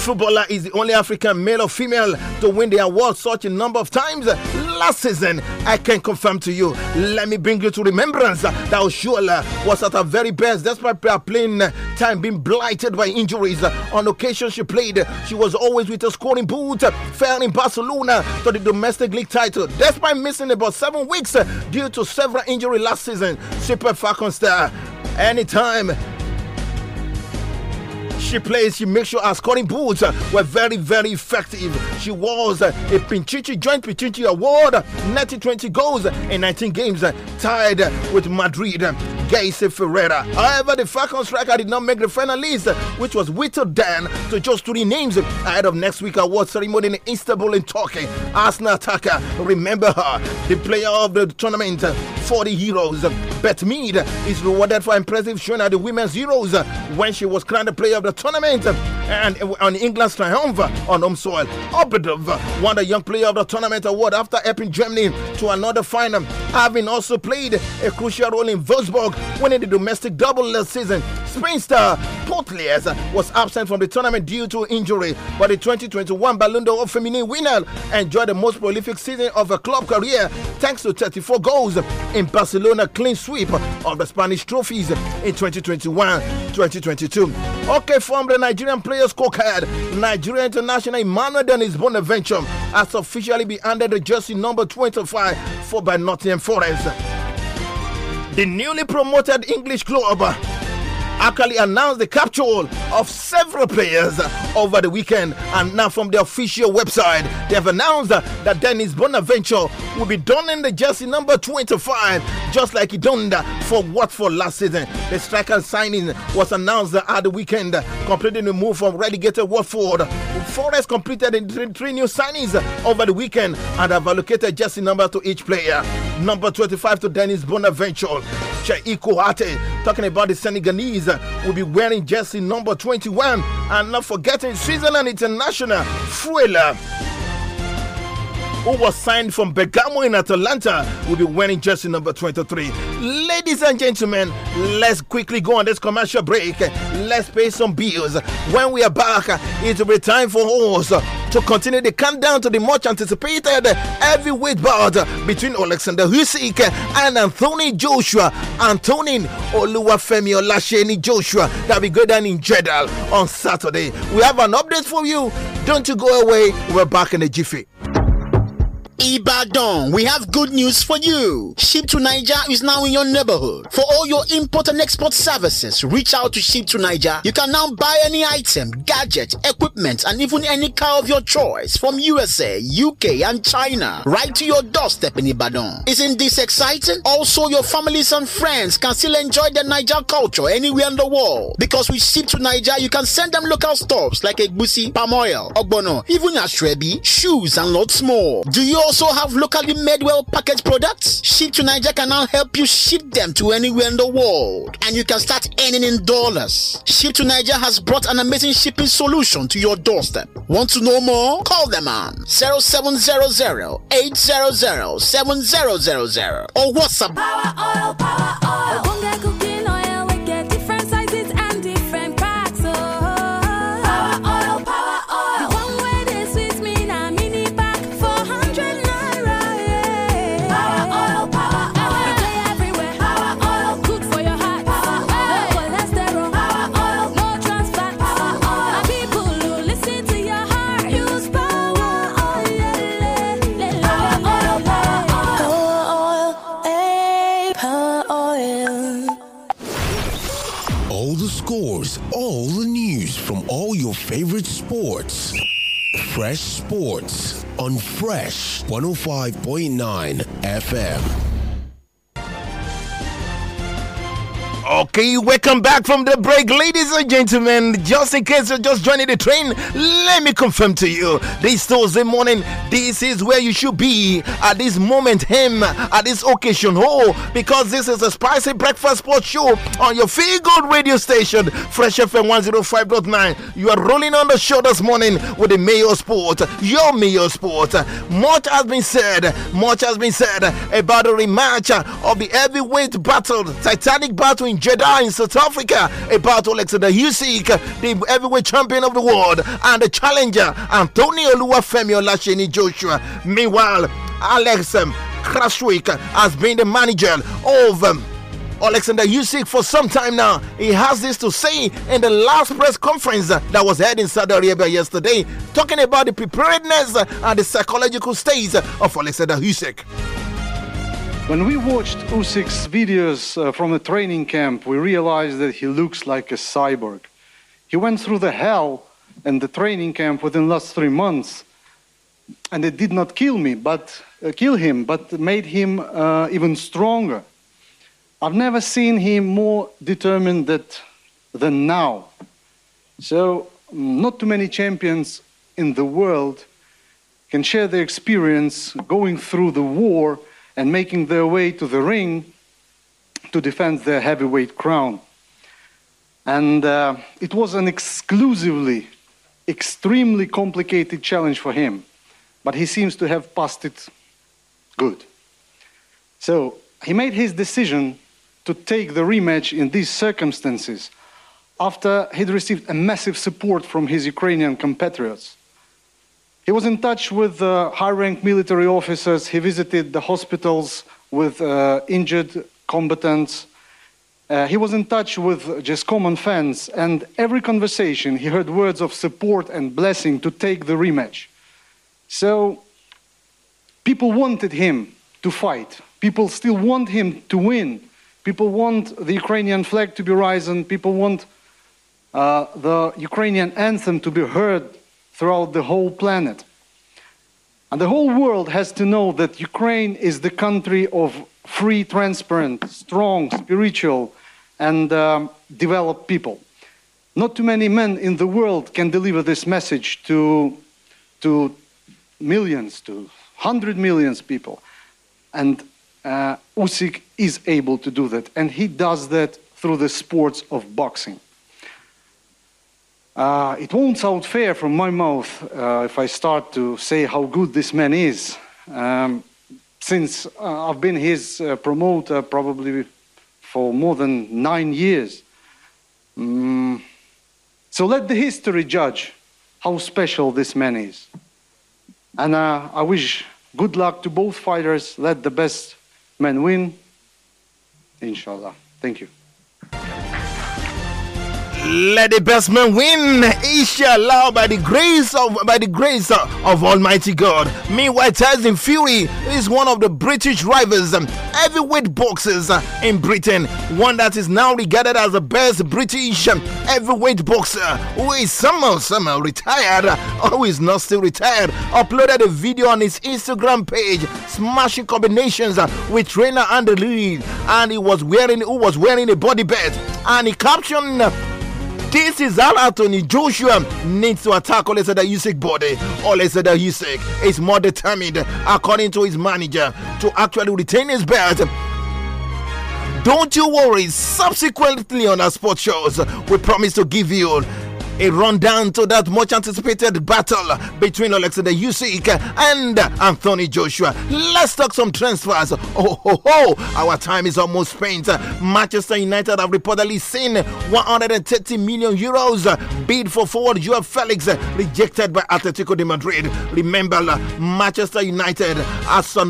footballer is the only African male or female to win the award such a number of times. Last season, I can confirm to you. Let me bring you to remembrance that Oshuala was at her very best despite her playing time being blighted by injuries. On occasion she played, she was always with a scoring boot, fell in Barcelona to the domestic league title. Despite missing about seven weeks due to several injury last season, Super Falcon star anytime she plays, she makes sure her scoring boots uh, were very, very effective. She was uh, a Pinchichi Joint Pinchichi Award, 1920 goals in 19 games, uh, tied with Madrid. Gacy Ferreira. However, the Falcons striker did not make the final list, which was whittled down to just three names ahead of next week's award ceremony in Istanbul in Turkey. Arsenal attacker, remember her, the player of the tournament for the Heroes. Beth Mead is rewarded for impressive showing at the Women's Heroes when she was crowned the player of the the tournament and on England's triumph on home soil. Obedov won the Young Player of the Tournament award after helping Germany to another final, having also played a crucial role in Wolfsburg winning the domestic double last season. Spain star Portliers was absent from the tournament due to injury, but the 2021 Ballon d'Or Femini winner enjoyed the most prolific season of her club career thanks to 34 goals in Barcelona clean sweep of the Spanish trophies in 2021-2022. Okay, from the Nigerian players' scorecard, Nigerian international Emmanuel Dennis Bonaventure has officially been handed the jersey number 25 for by Nottingham Forest. The newly promoted English club actually announced the capture of several players over the weekend. And now, from the official website, they have announced that Dennis Bonaventure will be donning the jersey number 25, just like he donned for Watford last season. The striker signing was announced at the weekend, completing the move from relegated Watford. Forest completed three, three new signings over the weekend and have allocated jersey number to each player. Number 25 to Dennis Bonaventure. Cheiko Hate, talking about the Senegalese will be wearing jersey number 21. And not forgetting Switzerland International, Fuela who was signed from Bergamo in Atalanta, will be wearing jersey number 23. Ladies and gentlemen, let's quickly go on this commercial break. Let's pay some bills. When we are back, it will be time for us to continue the countdown to the much anticipated heavyweight bout between Alexander Usyk and Anthony Joshua. Anthony Oluwafemi Olasheni Joshua that will go down in Jeddah on Saturday. We have an update for you. Don't you go away. We're back in the jiffy. Ibadan, we have good news for you. Ship to Niger is now in your neighborhood. For all your import and export services, reach out to Ship to Niger. You can now buy any item, gadget, equipment, and even any car of your choice from USA, UK, and China right to your doorstep in Ibadan. Isn't this exciting? Also, your families and friends can still enjoy the Niger culture anywhere in the world. Because with Ship to Niger, you can send them local stores like Egusi, palm oil, ogbono, even ashrebi, shoes, and lots more. Do you also have locally made well packaged products? Ship to Niger can now help you ship them to anywhere in the world and you can start earning in dollars. Ship to Niger has brought an amazing shipping solution to your doorstep. Want to know more? Call them on 0700 800 7000 or WhatsApp. Power oil, power oil. course, all the news from all your favorite sports. Fresh Sports on Fresh 105.9 FM. Okay, welcome back from the break, ladies and gentlemen. Just in case you're just joining the train, let me confirm to you this Thursday morning, this is where you should be at this moment, him at this occasion. Oh, because this is a spicy breakfast sports show on your feel good radio station, Fresh FM 105.9. You are rolling on the show this morning with the Mayo Sport, your Mayo Sport. Much has been said, much has been said about the rematch of the heavyweight battle, Titanic battle in Jeddah in South Africa a about Alexander Usyk, the heavyweight champion of the world, and the challenger Antonio Luafemi Olasheni Joshua. Meanwhile, Alex um, has been the manager of. Um, Alexander Usyk for some time now. He has this to say in the last press conference that was held in Saudi Arabia yesterday, talking about the preparedness and the psychological state of Alexander Usyk. When we watched Usyk's videos uh, from the training camp, we realized that he looks like a cyborg. He went through the hell and the training camp within the last three months, and it did not kill me, but uh, kill him, but made him uh, even stronger. I've never seen him more determined that, than now. So, mm, not too many champions in the world can share their experience going through the war and making their way to the ring to defend their heavyweight crown. And uh, it was an exclusively, extremely complicated challenge for him, but he seems to have passed it good. So he made his decision to take the rematch in these circumstances after he'd received a massive support from his Ukrainian compatriots. He was in touch with uh, high-ranked military officers. He visited the hospitals with uh, injured combatants. Uh, he was in touch with just common fans, and every conversation he heard words of support and blessing to take the rematch. So people wanted him to fight. People still want him to win. People want the Ukrainian flag to be risen. People want uh, the Ukrainian anthem to be heard throughout the whole planet. And the whole world has to know that Ukraine is the country of free, transparent, strong, spiritual, and um, developed people. Not too many men in the world can deliver this message to, to millions, to 100 millions people. And uh, Usyk is able to do that. And he does that through the sports of boxing. Uh, it won't sound fair from my mouth uh, if I start to say how good this man is, um, since uh, I've been his uh, promoter probably for more than nine years. Mm. so let the history judge how special this man is. And uh, I wish good luck to both fighters. Let the best man win. Inshallah. Thank you. Let the best man win. Inshallah, by the grace of by the grace of Almighty God. Meanwhile, Tyson Fury is one of the British rivals, um, heavyweight boxers uh, in Britain. One that is now regarded as the best British um, heavyweight boxer, who is somehow somehow retired, or who is not still retired. Uploaded a video on his Instagram page, smashing combinations uh, with trainer Andy Lee, and he was wearing who was wearing a body belt, and he captioned uh, this is how Anthony Joshua needs to attack Olesada Usyk body. Olesada Usyk is more determined, according to his manager, to actually retain his belt don't you worry. Subsequently on our sports shows, we promise to give you a rundown to that much anticipated battle between Alexander Usyk and Anthony Joshua. Let's talk some transfers. Oh, ho, ho. our time is almost spent. Manchester United have reportedly seen 130 million euros bid for forward Joao Felix rejected by Atletico de Madrid. Remember, Manchester United are, so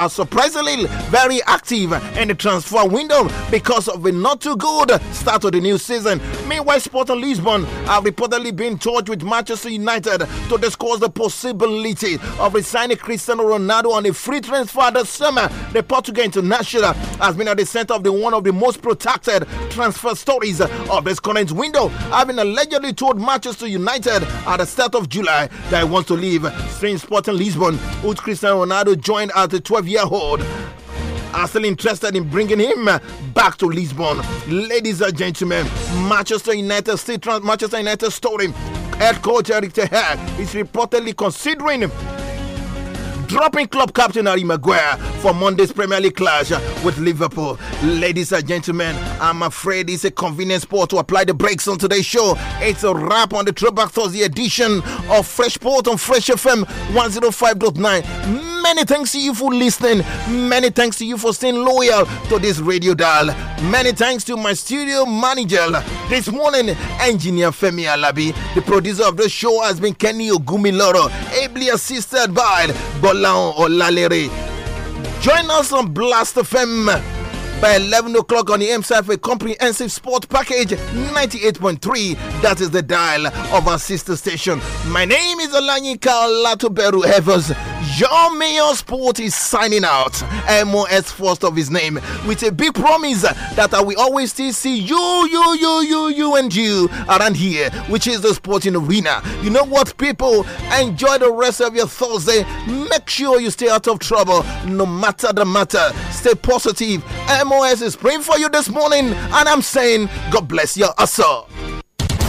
are surprisingly very active in the transfer window because of a not too good start of the new season. Meanwhile, Sport Lisbon have reported reportedly been in with Manchester United to discuss the possibility of resigning Cristiano Ronaldo on a free transfer this summer. The Portuguese international has been at the center of the one of the most protected transfer stories of this current window, having allegedly told Manchester United at the start of July that he wants to leave. Since Sporting Lisbon, who Cristiano Ronaldo joined as a 12 year old are still interested in bringing him back to Lisbon. Ladies and gentlemen, Manchester United still Manchester United story. Head coach Eric Ten Hag is reportedly considering dropping club captain Harry Maguire for Monday's Premier League clash with Liverpool. Ladies and gentlemen, I'm afraid it's a convenient spot to apply the brakes on today's show. It's a wrap on the Throwback Thursday edition of Fresh Port on Fresh FM 105.9. Many thanks to you for listening. Many thanks to you for staying loyal to this radio dial. Many thanks to my studio manager this morning, engineer Femi Alabi. The producer of the show has been Kenny Ogumiloro, ably assisted by Bolan Olalere. Join us on Blast FM by 11 o'clock on the MCF a comprehensive sport package 98.3. That is the dial of our sister station. My name is Olanyika Latoberu Evers. John Mayor Sport is signing out. MOS first of his name with a big promise that we always still see you, you, you, you, you, and you around here, which is the sporting arena. You know what, people? Enjoy the rest of your Thursday. Make sure you stay out of trouble no matter the matter. Stay positive. MOS is praying for you this morning, and I'm saying, God bless your hustle.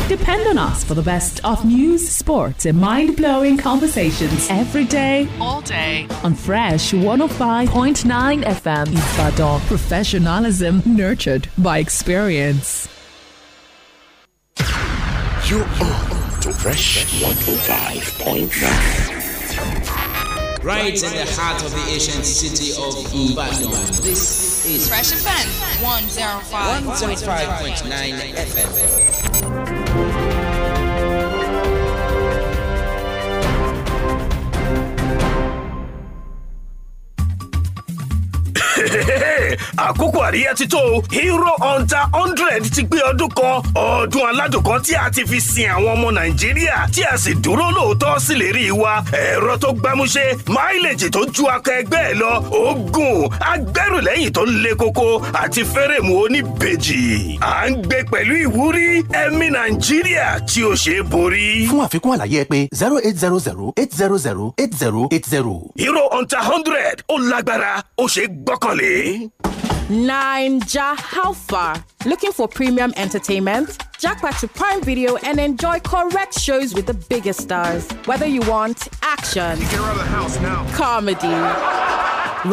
Depend on us for the best of news, sports, and mind blowing conversations every day, all day on Fresh 105.9 FM. Ifadon. Professionalism nurtured by experience. You are on to Fresh 105.9 right in the heart of the ancient city of Ibadan. This is Fresh FM 105.9 FM. àkókò àríyá ti hero hunter hundred ti gbé ọdún kan ọdún aládùn kan tí a ti fi sin àwọn ọmọ nàìjíríà tí a sì dúró lóòótọ́ sí lè rí wa ẹ̀rọ tó gbámúṣé máìlèjì tó ju akọ ẹgbẹ́ ẹ lọ oògùn agbẹ́rùlẹ́yìn tó ń le koko àti fẹ́rẹ̀mù oníbejì à ń gbé pẹ̀lú ìwúrí ẹ̀mí nàìjíríà tí ó ṣe é borí. fún àfikún àlàyé ẹ pé zero eight zero zero eight zero zero eight zero eight zero. hero hunter hundred ó lágbára ó ṣe é gbọ́kàn. locally. Ninja, how far? Looking for premium entertainment? Jackpot to Prime Video and enjoy correct shows with the biggest stars. Whether you want action, comedy,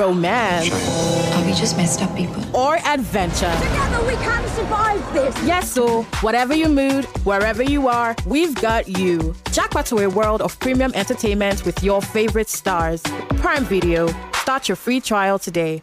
romance, have you just messed up people? Or adventure. Together we can survive this. Yes, so whatever your mood, wherever you are, we've got you. Jackpot to a world of premium entertainment with your favorite stars. Prime Video. Start your free trial today.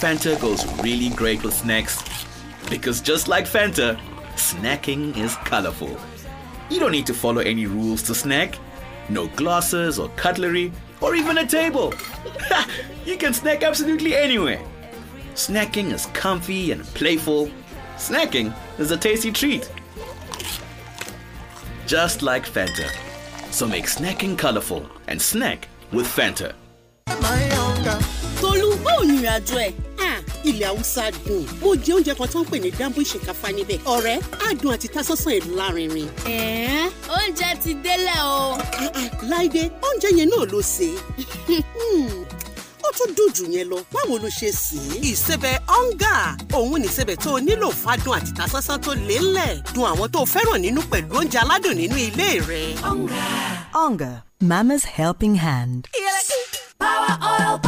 Fanta goes really great with snacks. Because just like Fanta, snacking is colorful. You don't need to follow any rules to snack. No glasses or cutlery or even a table. you can snack absolutely anywhere. Snacking is comfy and playful. Snacking is a tasty treat. Just like Fanta. So make snacking colorful and snack with Fanta. Tolú bóò ní ìrìnàjò ẹ̀ ilẹ̀ haúsá dùn mo jẹ oúnjẹ kan tó ń pè ní dambu ìṣèkáfá níbẹ̀ ọ̀rẹ́ adùn àti tasọ́sàn ẹ̀ lárinrin. ẹ̀ẹ́n oúnjẹ ti délẹ̀ o. Ah, ah, láìdé oúnjẹ yẹn náà ló ṣe hmm, ó tún dùn jù yẹn lọ báwo ló ṣe sè ìsebẹ̀ ọ̀ngà òun nìsebẹ̀ tó nílò fadùn àti tasọ́sán tó lélẹ̀ dùn àwọn tó fẹ́ràn nínú pẹ̀lú oúnjẹ aládùn nínú ilé rẹ. ọ̀ngà mama's helping hand. power oil.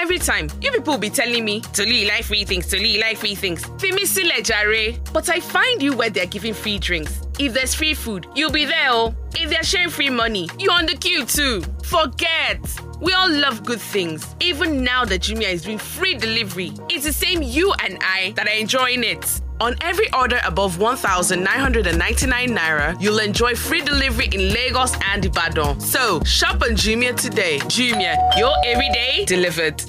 Every time, you people be telling me, to live life free things, to live life free things. Fimisile jare. But I find you where they're giving free drinks. If there's free food, you'll be there, oh. If they're sharing free money, you're on the queue too. Forget. We all love good things. Even now that Jumia is doing free delivery, it's the same you and I that are enjoying it. On every order above 1,999 naira, you'll enjoy free delivery in Lagos and Ibadan. So shop on Jumia today. Jumia, your everyday delivered.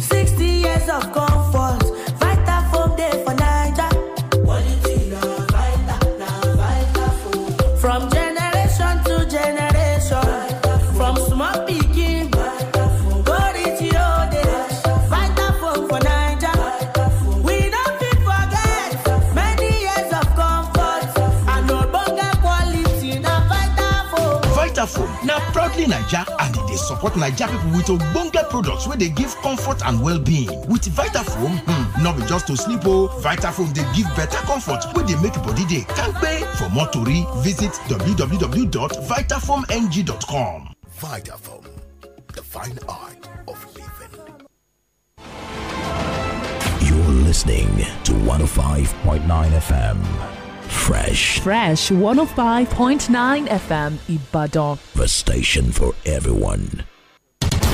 60 years of comfort. Nestle Naija and they support Niger people with ogbonge products where they give comfort and well-being. With Vitafoam, hmm, be just to sleep oh, Vitafoam they give better comfort where they make body day. Thank kampe. For more tori, visit www.vitafoamng.com. Vitafoam, the fine art of living. You're listening to 105.9 FM. Fresh. Fresh 105.9 FM Ibadan. The station for everyone.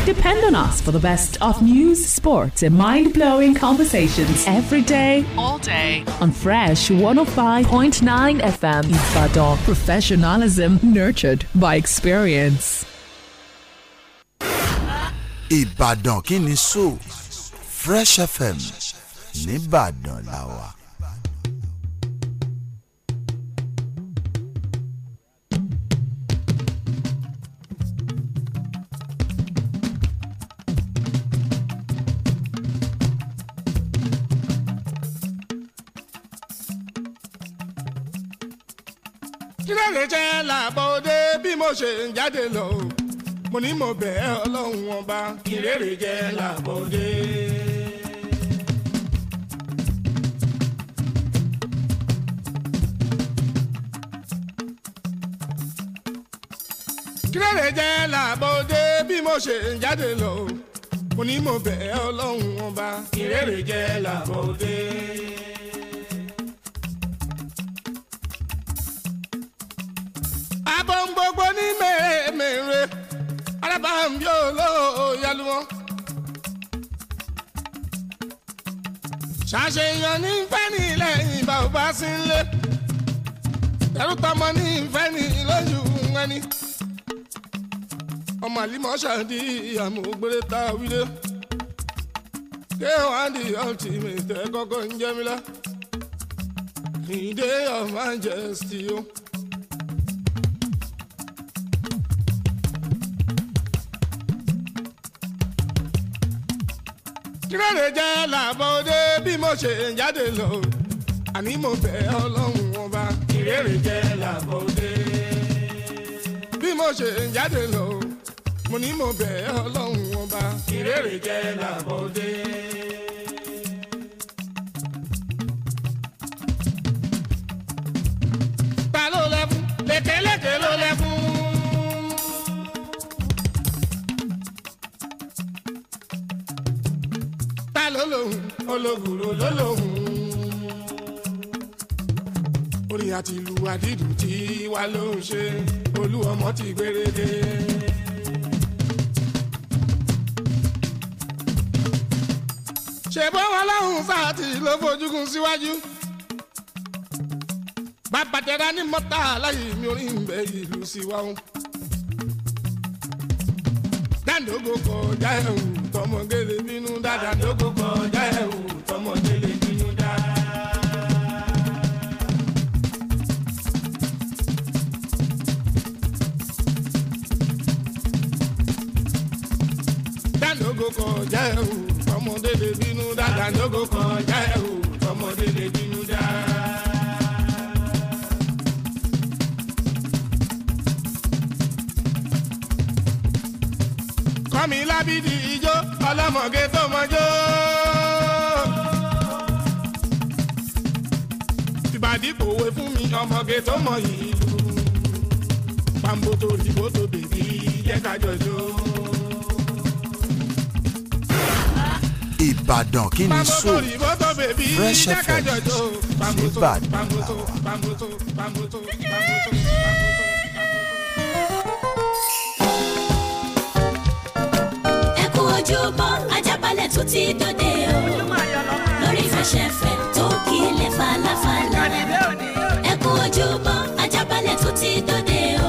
Depend on us for the best of news, sports, and mind blowing conversations every day, all day. On Fresh 105.9 FM Ibadan. Professionalism nurtured by experience. Ibadan Kini Fresh FM. Nìbàdàn làwà. rẹ̀rẹ̀ jẹ́ làbọ̀dé bí mo ṣe ń jáde lọ mo ní mo bẹ̀ ẹ́ ọlọ́run ọba ìrèrè jẹ́ làbọ̀dé. kírèrè jẹ́ làbọ̀dé bí mo ṣe ń jáde lọ mo ní mo bẹ̀ ẹ́ ọlọ́run ọba ìrèrè jẹ́ làbọ̀dé. akọ gbogbo ní mèremère alábàámbí olóyalu wọn. ṣàṣeyàn ní fẹ́ ní lẹ́yìn bàbá sí ilé ẹrú tọmọ ní fẹ́ ní lójú ẹni ọmọ àlímọ̀ ṣàdí ìyàmú gbére tá a wílé ké wàá di ọtí mi tẹ kọ́kọ́ ń jẹ́ mi lọ ìdè of majesty o. tírẹ̀rẹ̀ jẹ́ làbọ̀dé bí mo ṣe ń jáde lọ àní mo bẹ̀ ọlọ́run ọba. tírẹ̀rẹ̀ jẹ́ làbọ̀dé. bí mo ṣe ń jáde lọ mo ní mo bẹ̀ ọlọ́run ọba. tírẹ̀rẹ̀ jẹ́ làbọ̀dé. ta ló lẹ́kún lékeleke ló lẹ́kún. kólógùrò lólóhùn. orin àti ìlú àdìdù tí wà ló ń ṣe olú ọmọ ti gbérédé. ṣèbọn ọlọ́run sáàtì ló fojúkun síwájú. bàbá jẹ̀dá ní mọ́tà láyé mi orin ń bẹ ìlú síwáhùn. dáńdógó kọjá ẹ̀hún tọmọgẹ́lẹ́ bínú dáńdógó kọjá. ẹ o tọmọdé lè bínú dáadáa lógo kọjá ẹ o tọmọdé lè bínú dáa. kọ́mi lábídì ijó ọlọ́mọge tó mọjó. tìbàdí kòwe fún mi ọmọge tó mọ yìí. pàmbó tó dìbò tó bèbí jẹ́ ká jọjọ́. Ìbàdàn kí ni so Fresh FM nìbàdàn làwà. ojúbọ ajábalẹ̀ tó ti dòde o lórí fẹsẹ̀fẹ̀ tó kílẹ̀ falafala ẹ ojúbọ ajábalẹ̀ tó ti dòde o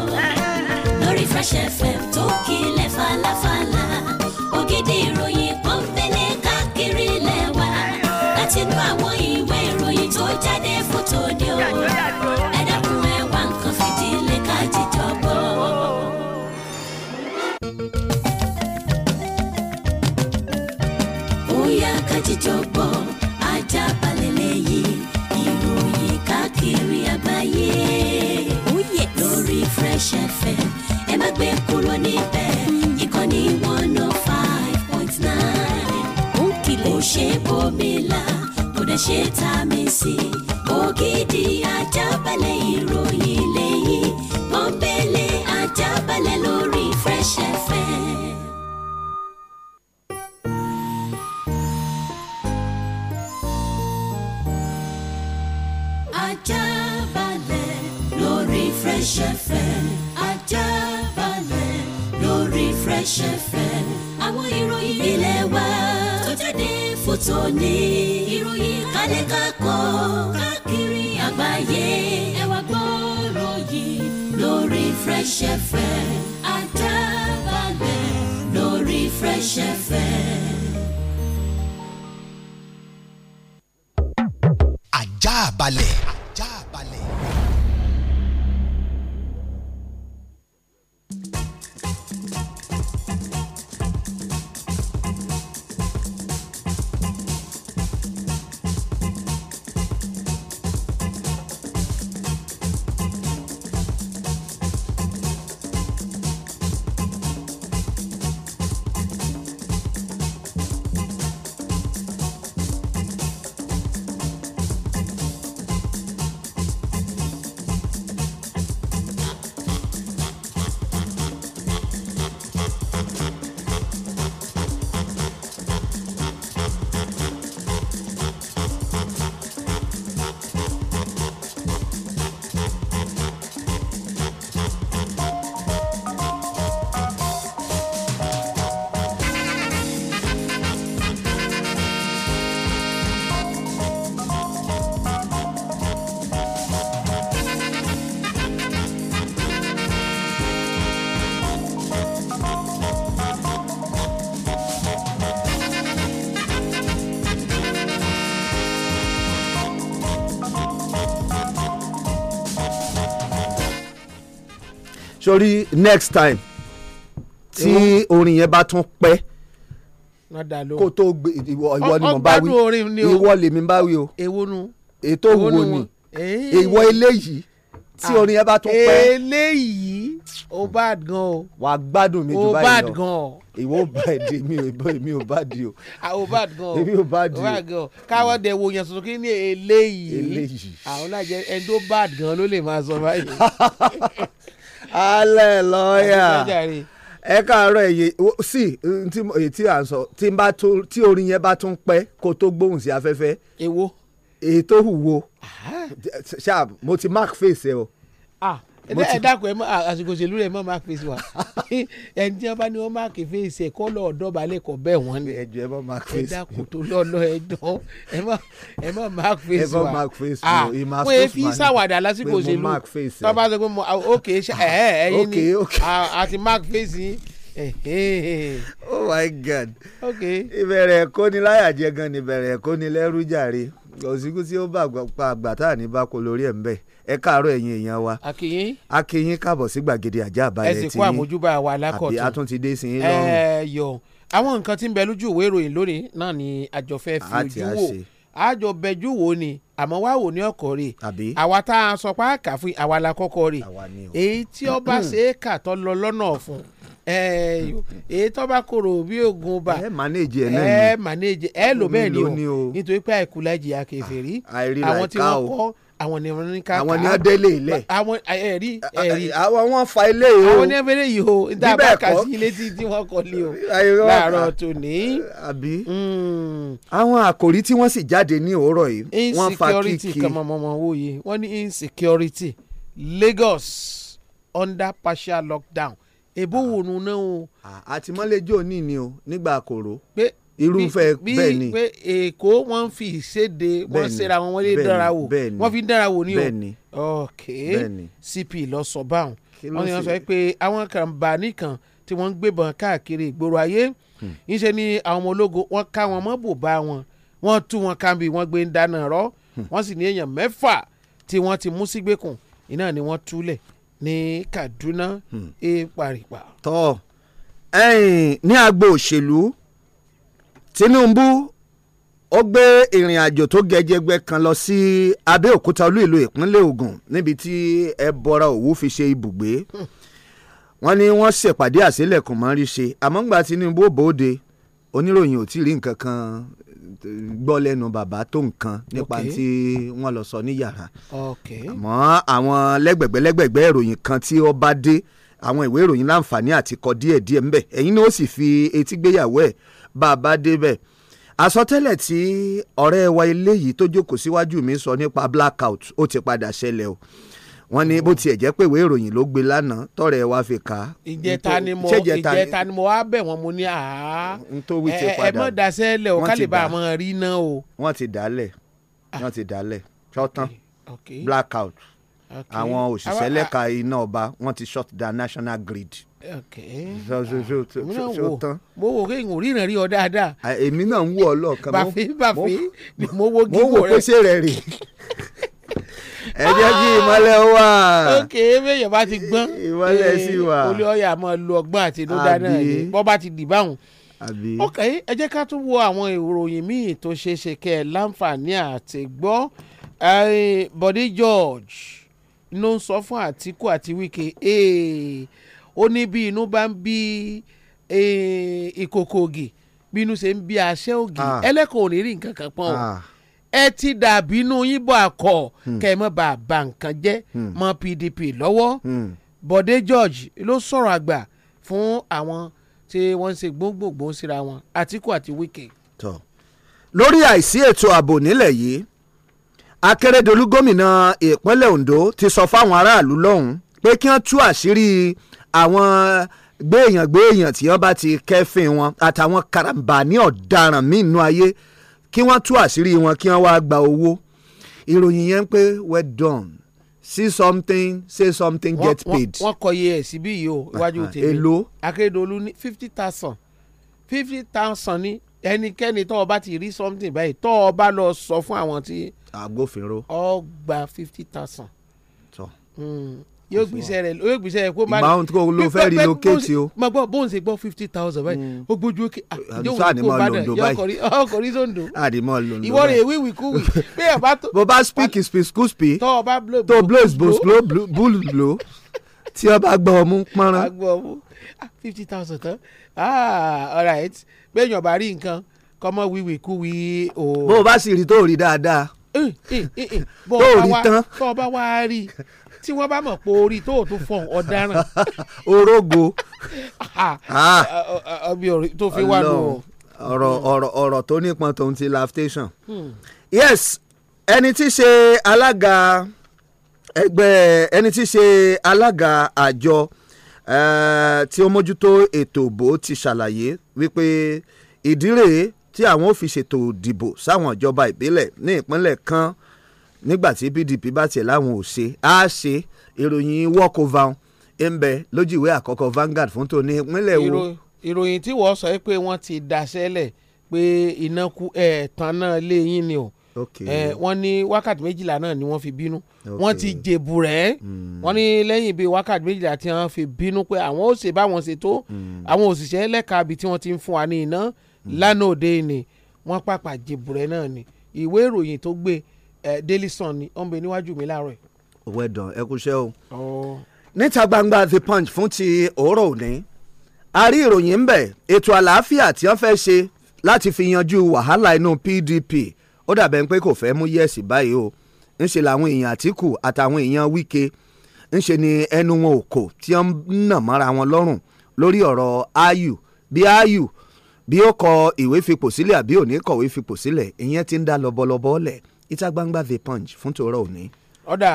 lórí fẹsẹ̀fẹ̀ tó kílẹ̀ falafala. ṣe bòmílà kò dẹ̀ ṣe tà mí sí ògidì ajábalẹ̀ ìròyìn òní. ìròyìn kálẹ̀ kakọ́ káàkiri àgbáyé. ẹ wá gbọ́rọ̀ yìí lórí Fresh FM ajá balẹ̀ lórí Fresh FM. ajá balẹ̀. sórí next time tí orin yẹn bá tún pẹ́ kó tó gbé ìwọ ni mo bá wí ìwọ lèmi bá wí o ètò wo ni ìwọ eléyìí tí ah. orin yẹn bá tún pẹ́. eléyìí ó bá gan o. wà á gbádùn mi jù báyìí lọ ó bá gan o. ìwọ ò bá èdè mi ò èmi ò bá di o. ó ah, bá gan o èmi ò bá di o. káwọ́ dẹ̀ wo yẹn tuntun kí ni eléyìí. eléyìí. àwọn ah, lájẹ ẹni tó bá gan ló lè máa sọ báyìí. hallelujah ẹ káàárọ̀ ẹ̀yẹ sí tí tí à ń sọ tí n bá tó tí orin yẹn bá tún pẹ́ kó tó gbóhùn sí afẹ́fẹ́. èwo. èyí tó hù wo ṣáà mo ti mark face ẹ o. ah ẹ dákun ẹ mọ àsìkò òṣèlú rẹ mọ máa fèsì wa ẹni tí wọn bá ní wọn máa kè fèsì ẹ kọ́ lọ ọ̀dọ́ balẹ̀ kọ́ bẹ́ẹ̀ wọ́n ni ẹ dákun tó lọ́lọ́ ẹ jọ ẹ mọ máa fèsì wa ah wọ́n efi sàwàdà lásìkò òṣèlú tó bá sọ pé mo ok ẹyin ni àti mark fèsì oh my god ìbẹ̀rẹ̀ ẹ̀kọ́ ni láyàjẹ́ gan ni ìbẹ̀rẹ̀ ẹ̀kọ́ ni lẹ́rú jàre òsínkú tí ó bá àgbà tá à ní bá kó lórí ẹ̀ ń bẹ́ẹ̀ ẹ káàárọ̀ ẹ̀yin èèyàn wa akínyín akínyín káàbọ̀ sí gbàgede àjà àbálẹ̀ tí ẹsìn kó àmójúbà wa lákọ̀tún àbí àtúntì dé sí i lọ́rùn. ẹ yọ àwọn nǹkan tí ń bẹ lójú ìwé ìròyìn lónìí náà ni àjọ fẹ́ fi ojú wò àjọ bẹjú wò ni àmọ́ wá wò ní ọkọ̀ rè àwa tá a sọ pé àkàfin àwa la kọ́kọ́ rè èyí tí ó bá ṣe é kà tó lọ lọ́nà ọ̀fun èyí tó bá kòrò bí oògùn bá ẹ manage ẹ náà ni ẹ manage ẹ lò bẹ́ẹ̀ ni o nítorí pé àìkú lájìyà kẹfẹ́ rí àwọn tí wọ́n kọ́ àwọn ni wọn ní ká àwọn ni wọn délé ilẹ̀. àwọn ẹ̀rí ẹ̀rí. àwọn wọn fa ilé yìí o. àwọn ní abẹ́rẹ́ yìí o níta bá kà sí ilé tí tí wọ́n kọ́ lé o láàárọ̀ tòní. àbí hmm. àwọn àkòrí tí wọ́n sì jáde ní òwúrọ̀ yìí wọ́n fa kíkì. insecurity kan mọ̀mọ́mọ́ owó yìí wọ́n ní insecurity Lagos under partial lockdown èbó ah. wo nu náà o. Ah, àtìmọ́lẹ́jọ́ ní ni o nígbà àkòrò. pé irúfẹ́ bẹ́ẹ̀ ni. bí pé èkó wọ́n fi ìséde wọ́n ṣera wọn wọlé dára wò wọ́n fi dára wò ní o ok cp lọ sọ báwọn wọ́n ní wọ́n sọ pé àwọn kan bá nìkan tí wọ́n ń gbébọn káàkiri ìgboro ayé ńṣe hmm. ni àwọn ọmọ ológo wọ́n ká wọn mọ́ bòbá wọn wọ́n tú wọn kambi wọ́n gbé ń dáná rọ́ hmm. wọ́n sì ní èèyàn mẹ́fà tí wọ́n ti mú sígbèkùn iná ni wọ́n túlẹ̀ ní Kaduna ìparìpà. Hmm. tọ́ ẹ̀yìn ní agbo òṣèlú Tinubu ó gbé ìrìn àjò tó gẹjẹgbẹ kan lọ sí Abẹ́òkúta olú ìlú ìpínlẹ̀ Ògùn níbi tí ẹbọra òwú fi ṣe ibùgbé wọ́n ní wọ́n ṣèpàdé àṣẹlẹ̀kùn mọ́ rí ṣe àmọ́ ńgbà Tinubu ó bòde oníròyìn ò tí ì rí nǹkan kan gbọ́ lẹ́nu bàbá tó nǹkan nípa tí wọ́n lọ sọ ní yàrá àmọ́ àwọn lẹ́gbẹ̀gbẹ́lẹ́gbẹ̀gbẹ́ ìròyìn kan tí ó bá dé àwọn ìwé ìròyìn láǹfààní àti kọ díẹ̀díẹ̀ ńbẹ̀ ẹ̀yin ni ó sì fi etí gbéyàwó ẹ̀ bá a bá débẹ̀ àsọtẹ́lẹ̀ tí ọ̀rẹ́ wa ilé yìí tó jókòó síwájú mi sọ nípa blackout ó ti padà ṣẹlẹ̀ o wọ́n ní bó tiẹ̀ jẹ́ pé ìwé ìròyìn ló gbé lánàá tọ̀rẹ́ wa fi kà á. ìjẹta ni mo ìjẹta ni mo wá bẹ̀ wọ́n mo ní àá ẹ mọ̀ dasẹ́ lẹ̀ o kálí bá a mọ̀ rí náà o. wọ́n ti dálẹ̀ ah. wọ́n ti dálẹ̀ ṣọ́tán blackout. Okay àwọn òṣìṣẹ́ lẹ́ka iná ọba wọ́n ti shut down national grid ṣoṣo tán. mo wò pé n ò rí ọ dáadáa. èmi náà ń wò ọ lọ́ọ̀kan. bàfí bàfí mo wo gígùn rẹ. mo wò pé ṣé rẹ rè ẹ jẹ́ kí ìmọ̀lẹ̀ wà. ok bẹ́ẹ̀ bá ti gbọ́n. ìmọ̀lẹ̀ eh, sì wà. olè ọ̀yà máa lo ọgbọ́n àti inú dáná yìí bọ́ bá ti dì báwọn. ok ẹ jẹ́ ká tún wo àwọn ìròyìn míì tó ṣeé ṣe kẹ́ ẹ̀ láǹfààní àti gbọ́ eh, George ló ń sọ fún Àtíkù àti Wike ó ní bí inú bá ń bí e, ìkòkò ògì bí inú ṣe ń bí aṣẹ́ ògì ah. ẹlẹ́kọ̀ọ́ ò ní rí nǹkan kan pọ́n o ah. ẹ ti dàbí inú yín bọ̀ àkọ́ hmm. kẹ́ bá a bà nǹkan jẹ́ hmm. mọ́ PDP lọ́wọ́ hmm. Bọ̀dé George ló sọ̀rọ̀ àgbà fún àwọn tí wọ́n ń ṣe gbóngbòngbò síra wọn Àtíkù àti Wike. lórí àìsí ètò ààbò nílẹ̀ yìí akérèdọ́lù gómìnà ìpínlẹ̀ ondo ti sọ fáwọn aráàlú lọ́hùn pé kí wọ́n tú àṣírí àwọn gbéèyàn gbéèyàn tí wọ́n bá ti kẹ́fìn wọn àtàwọn karambà ní ọ̀daràn míì ayé kí wọ́n tú àṣírí wọn kí wọ́n wá gba owó ìròyìn yẹn ń pé well done see something say something get paid. wọ́n kọ iye ẹ̀ síbí yìí o iwájú tèmi èlò akérèdọ́lù ní fifty thousand fifty thousand ní ẹnikẹ́ni tọ́ ọ bá ti rí something báyìí tọ́ ọ bá lọ sọ fún àwọn tí. Ti agbófinró. ó gba fifty thousand. tọ. Hmm. yóò gbèsè rẹ yóò gbèsè rẹ kó má. ìgbà tó ló fẹ́ relocate o. mo gbọ́ bóun ṣe gbọ́ fifty thousand báyìí hmm. ó gbójú òkè. àdìsọ́ àdìmọ́ londo báyìí ọkọ̀rí sondo. àdìmọ́ londo ìwọ rẹ̀ wíwì kúwì. bí ẹ bá tó. bó bá speak speak school speak. tó o bá blow tó blows blows blow bull blow tí o bá gbọ́ ọmú pọ́nrán. agbọ̀ ọmú ah, fifty thousand tán ah all right bẹ́ẹ̀ yàn bá rí nǹkan kọ́mọ wíwì kúwì o. bó o bá sì rí tó rí dáadáa Eh, eh, eh, bọ́ ọ bá wá rí i tí wọ́n bá mọ̀ pé orí tó tún fọ̀n ọ̀daràn. orógo. ọbẹ̀ orí tó fi wà nù. ọ̀rọ̀ ọ̀rọ̀ tó nípọn tòun ti laftation. Hmm. yes ẹni tí í ṣe alága ẹgbẹ́ ẹni tí í ṣe alága àjọ tí ó mójútó ètò òbò ti ṣàlàyé wípé ìdí tí àwọn ò fi ṣètò ìdìbò sáwọn ìjọba ìbílẹ̀ ní ìpínlẹ̀ kan nígbà tí PDP bá tiẹ̀ láwọn ò ṣe á ṣe ìròyìn walk over ń bẹ lójú ìwé àkọ́kọ́ Vanguard fún tòní ìpínlẹ̀ wo. ìròyìn tí wọ́n sọ pé wọ́n ti daṣẹ́lẹ̀ pé iná kú ẹ̀ tán náà léyìn ni o wọ́n ní wákàtí méjìlá náà ni wọ́n fi bínú wọ́n ti jèbù rẹ̀ hmm. wọ́n ní lẹ́yìn bíi wákàtí méjìlá tí wọ́n fi bínú pé àwọn ò ṣe báwọn ṣe tó hmm. àwọn òṣìṣẹ́ lẹ́ka ibi tí wọ́n ti ń fún wa ní iná Mm. lánàá òde ni wọ́n pàpà jìbùrẹ́ náà ni ìwé ìròyìn tó gbé Daily Sun ni ó ń bẹ níwájú mi láàárọ̀ yìí. wẹ́dàn ẹ o. níta gbangba The Punch fún ti òórọ̀ òní a rí ìròyìn ń bẹ ètò àlàáfíà tí wọ́n fẹ́ ṣe láti fi yanjú wàhálà inú PDP ó dàbẹ̀ pé kò fẹ́ mú yẹ̀sì báyìí o ńṣe làwọn èèyàn Àtíkù àtàwọn èèyàn Wike ńṣe ni ẹnu wọn ò kò tí wọ́n ń nà mọ́ra wọn lọ́rùn lórí ọ̀rọ̀ Ayu bí Ayu bí ó kọ ìwé fipò sílẹ̀ àbí òní kọ̀wé fipò sílẹ̀ ìyẹn ti ń dá lọ́bọ̀lọ́bọ̀ lẹ̀ ìta gbangba the punch fún tòrọ òní. ọ̀dà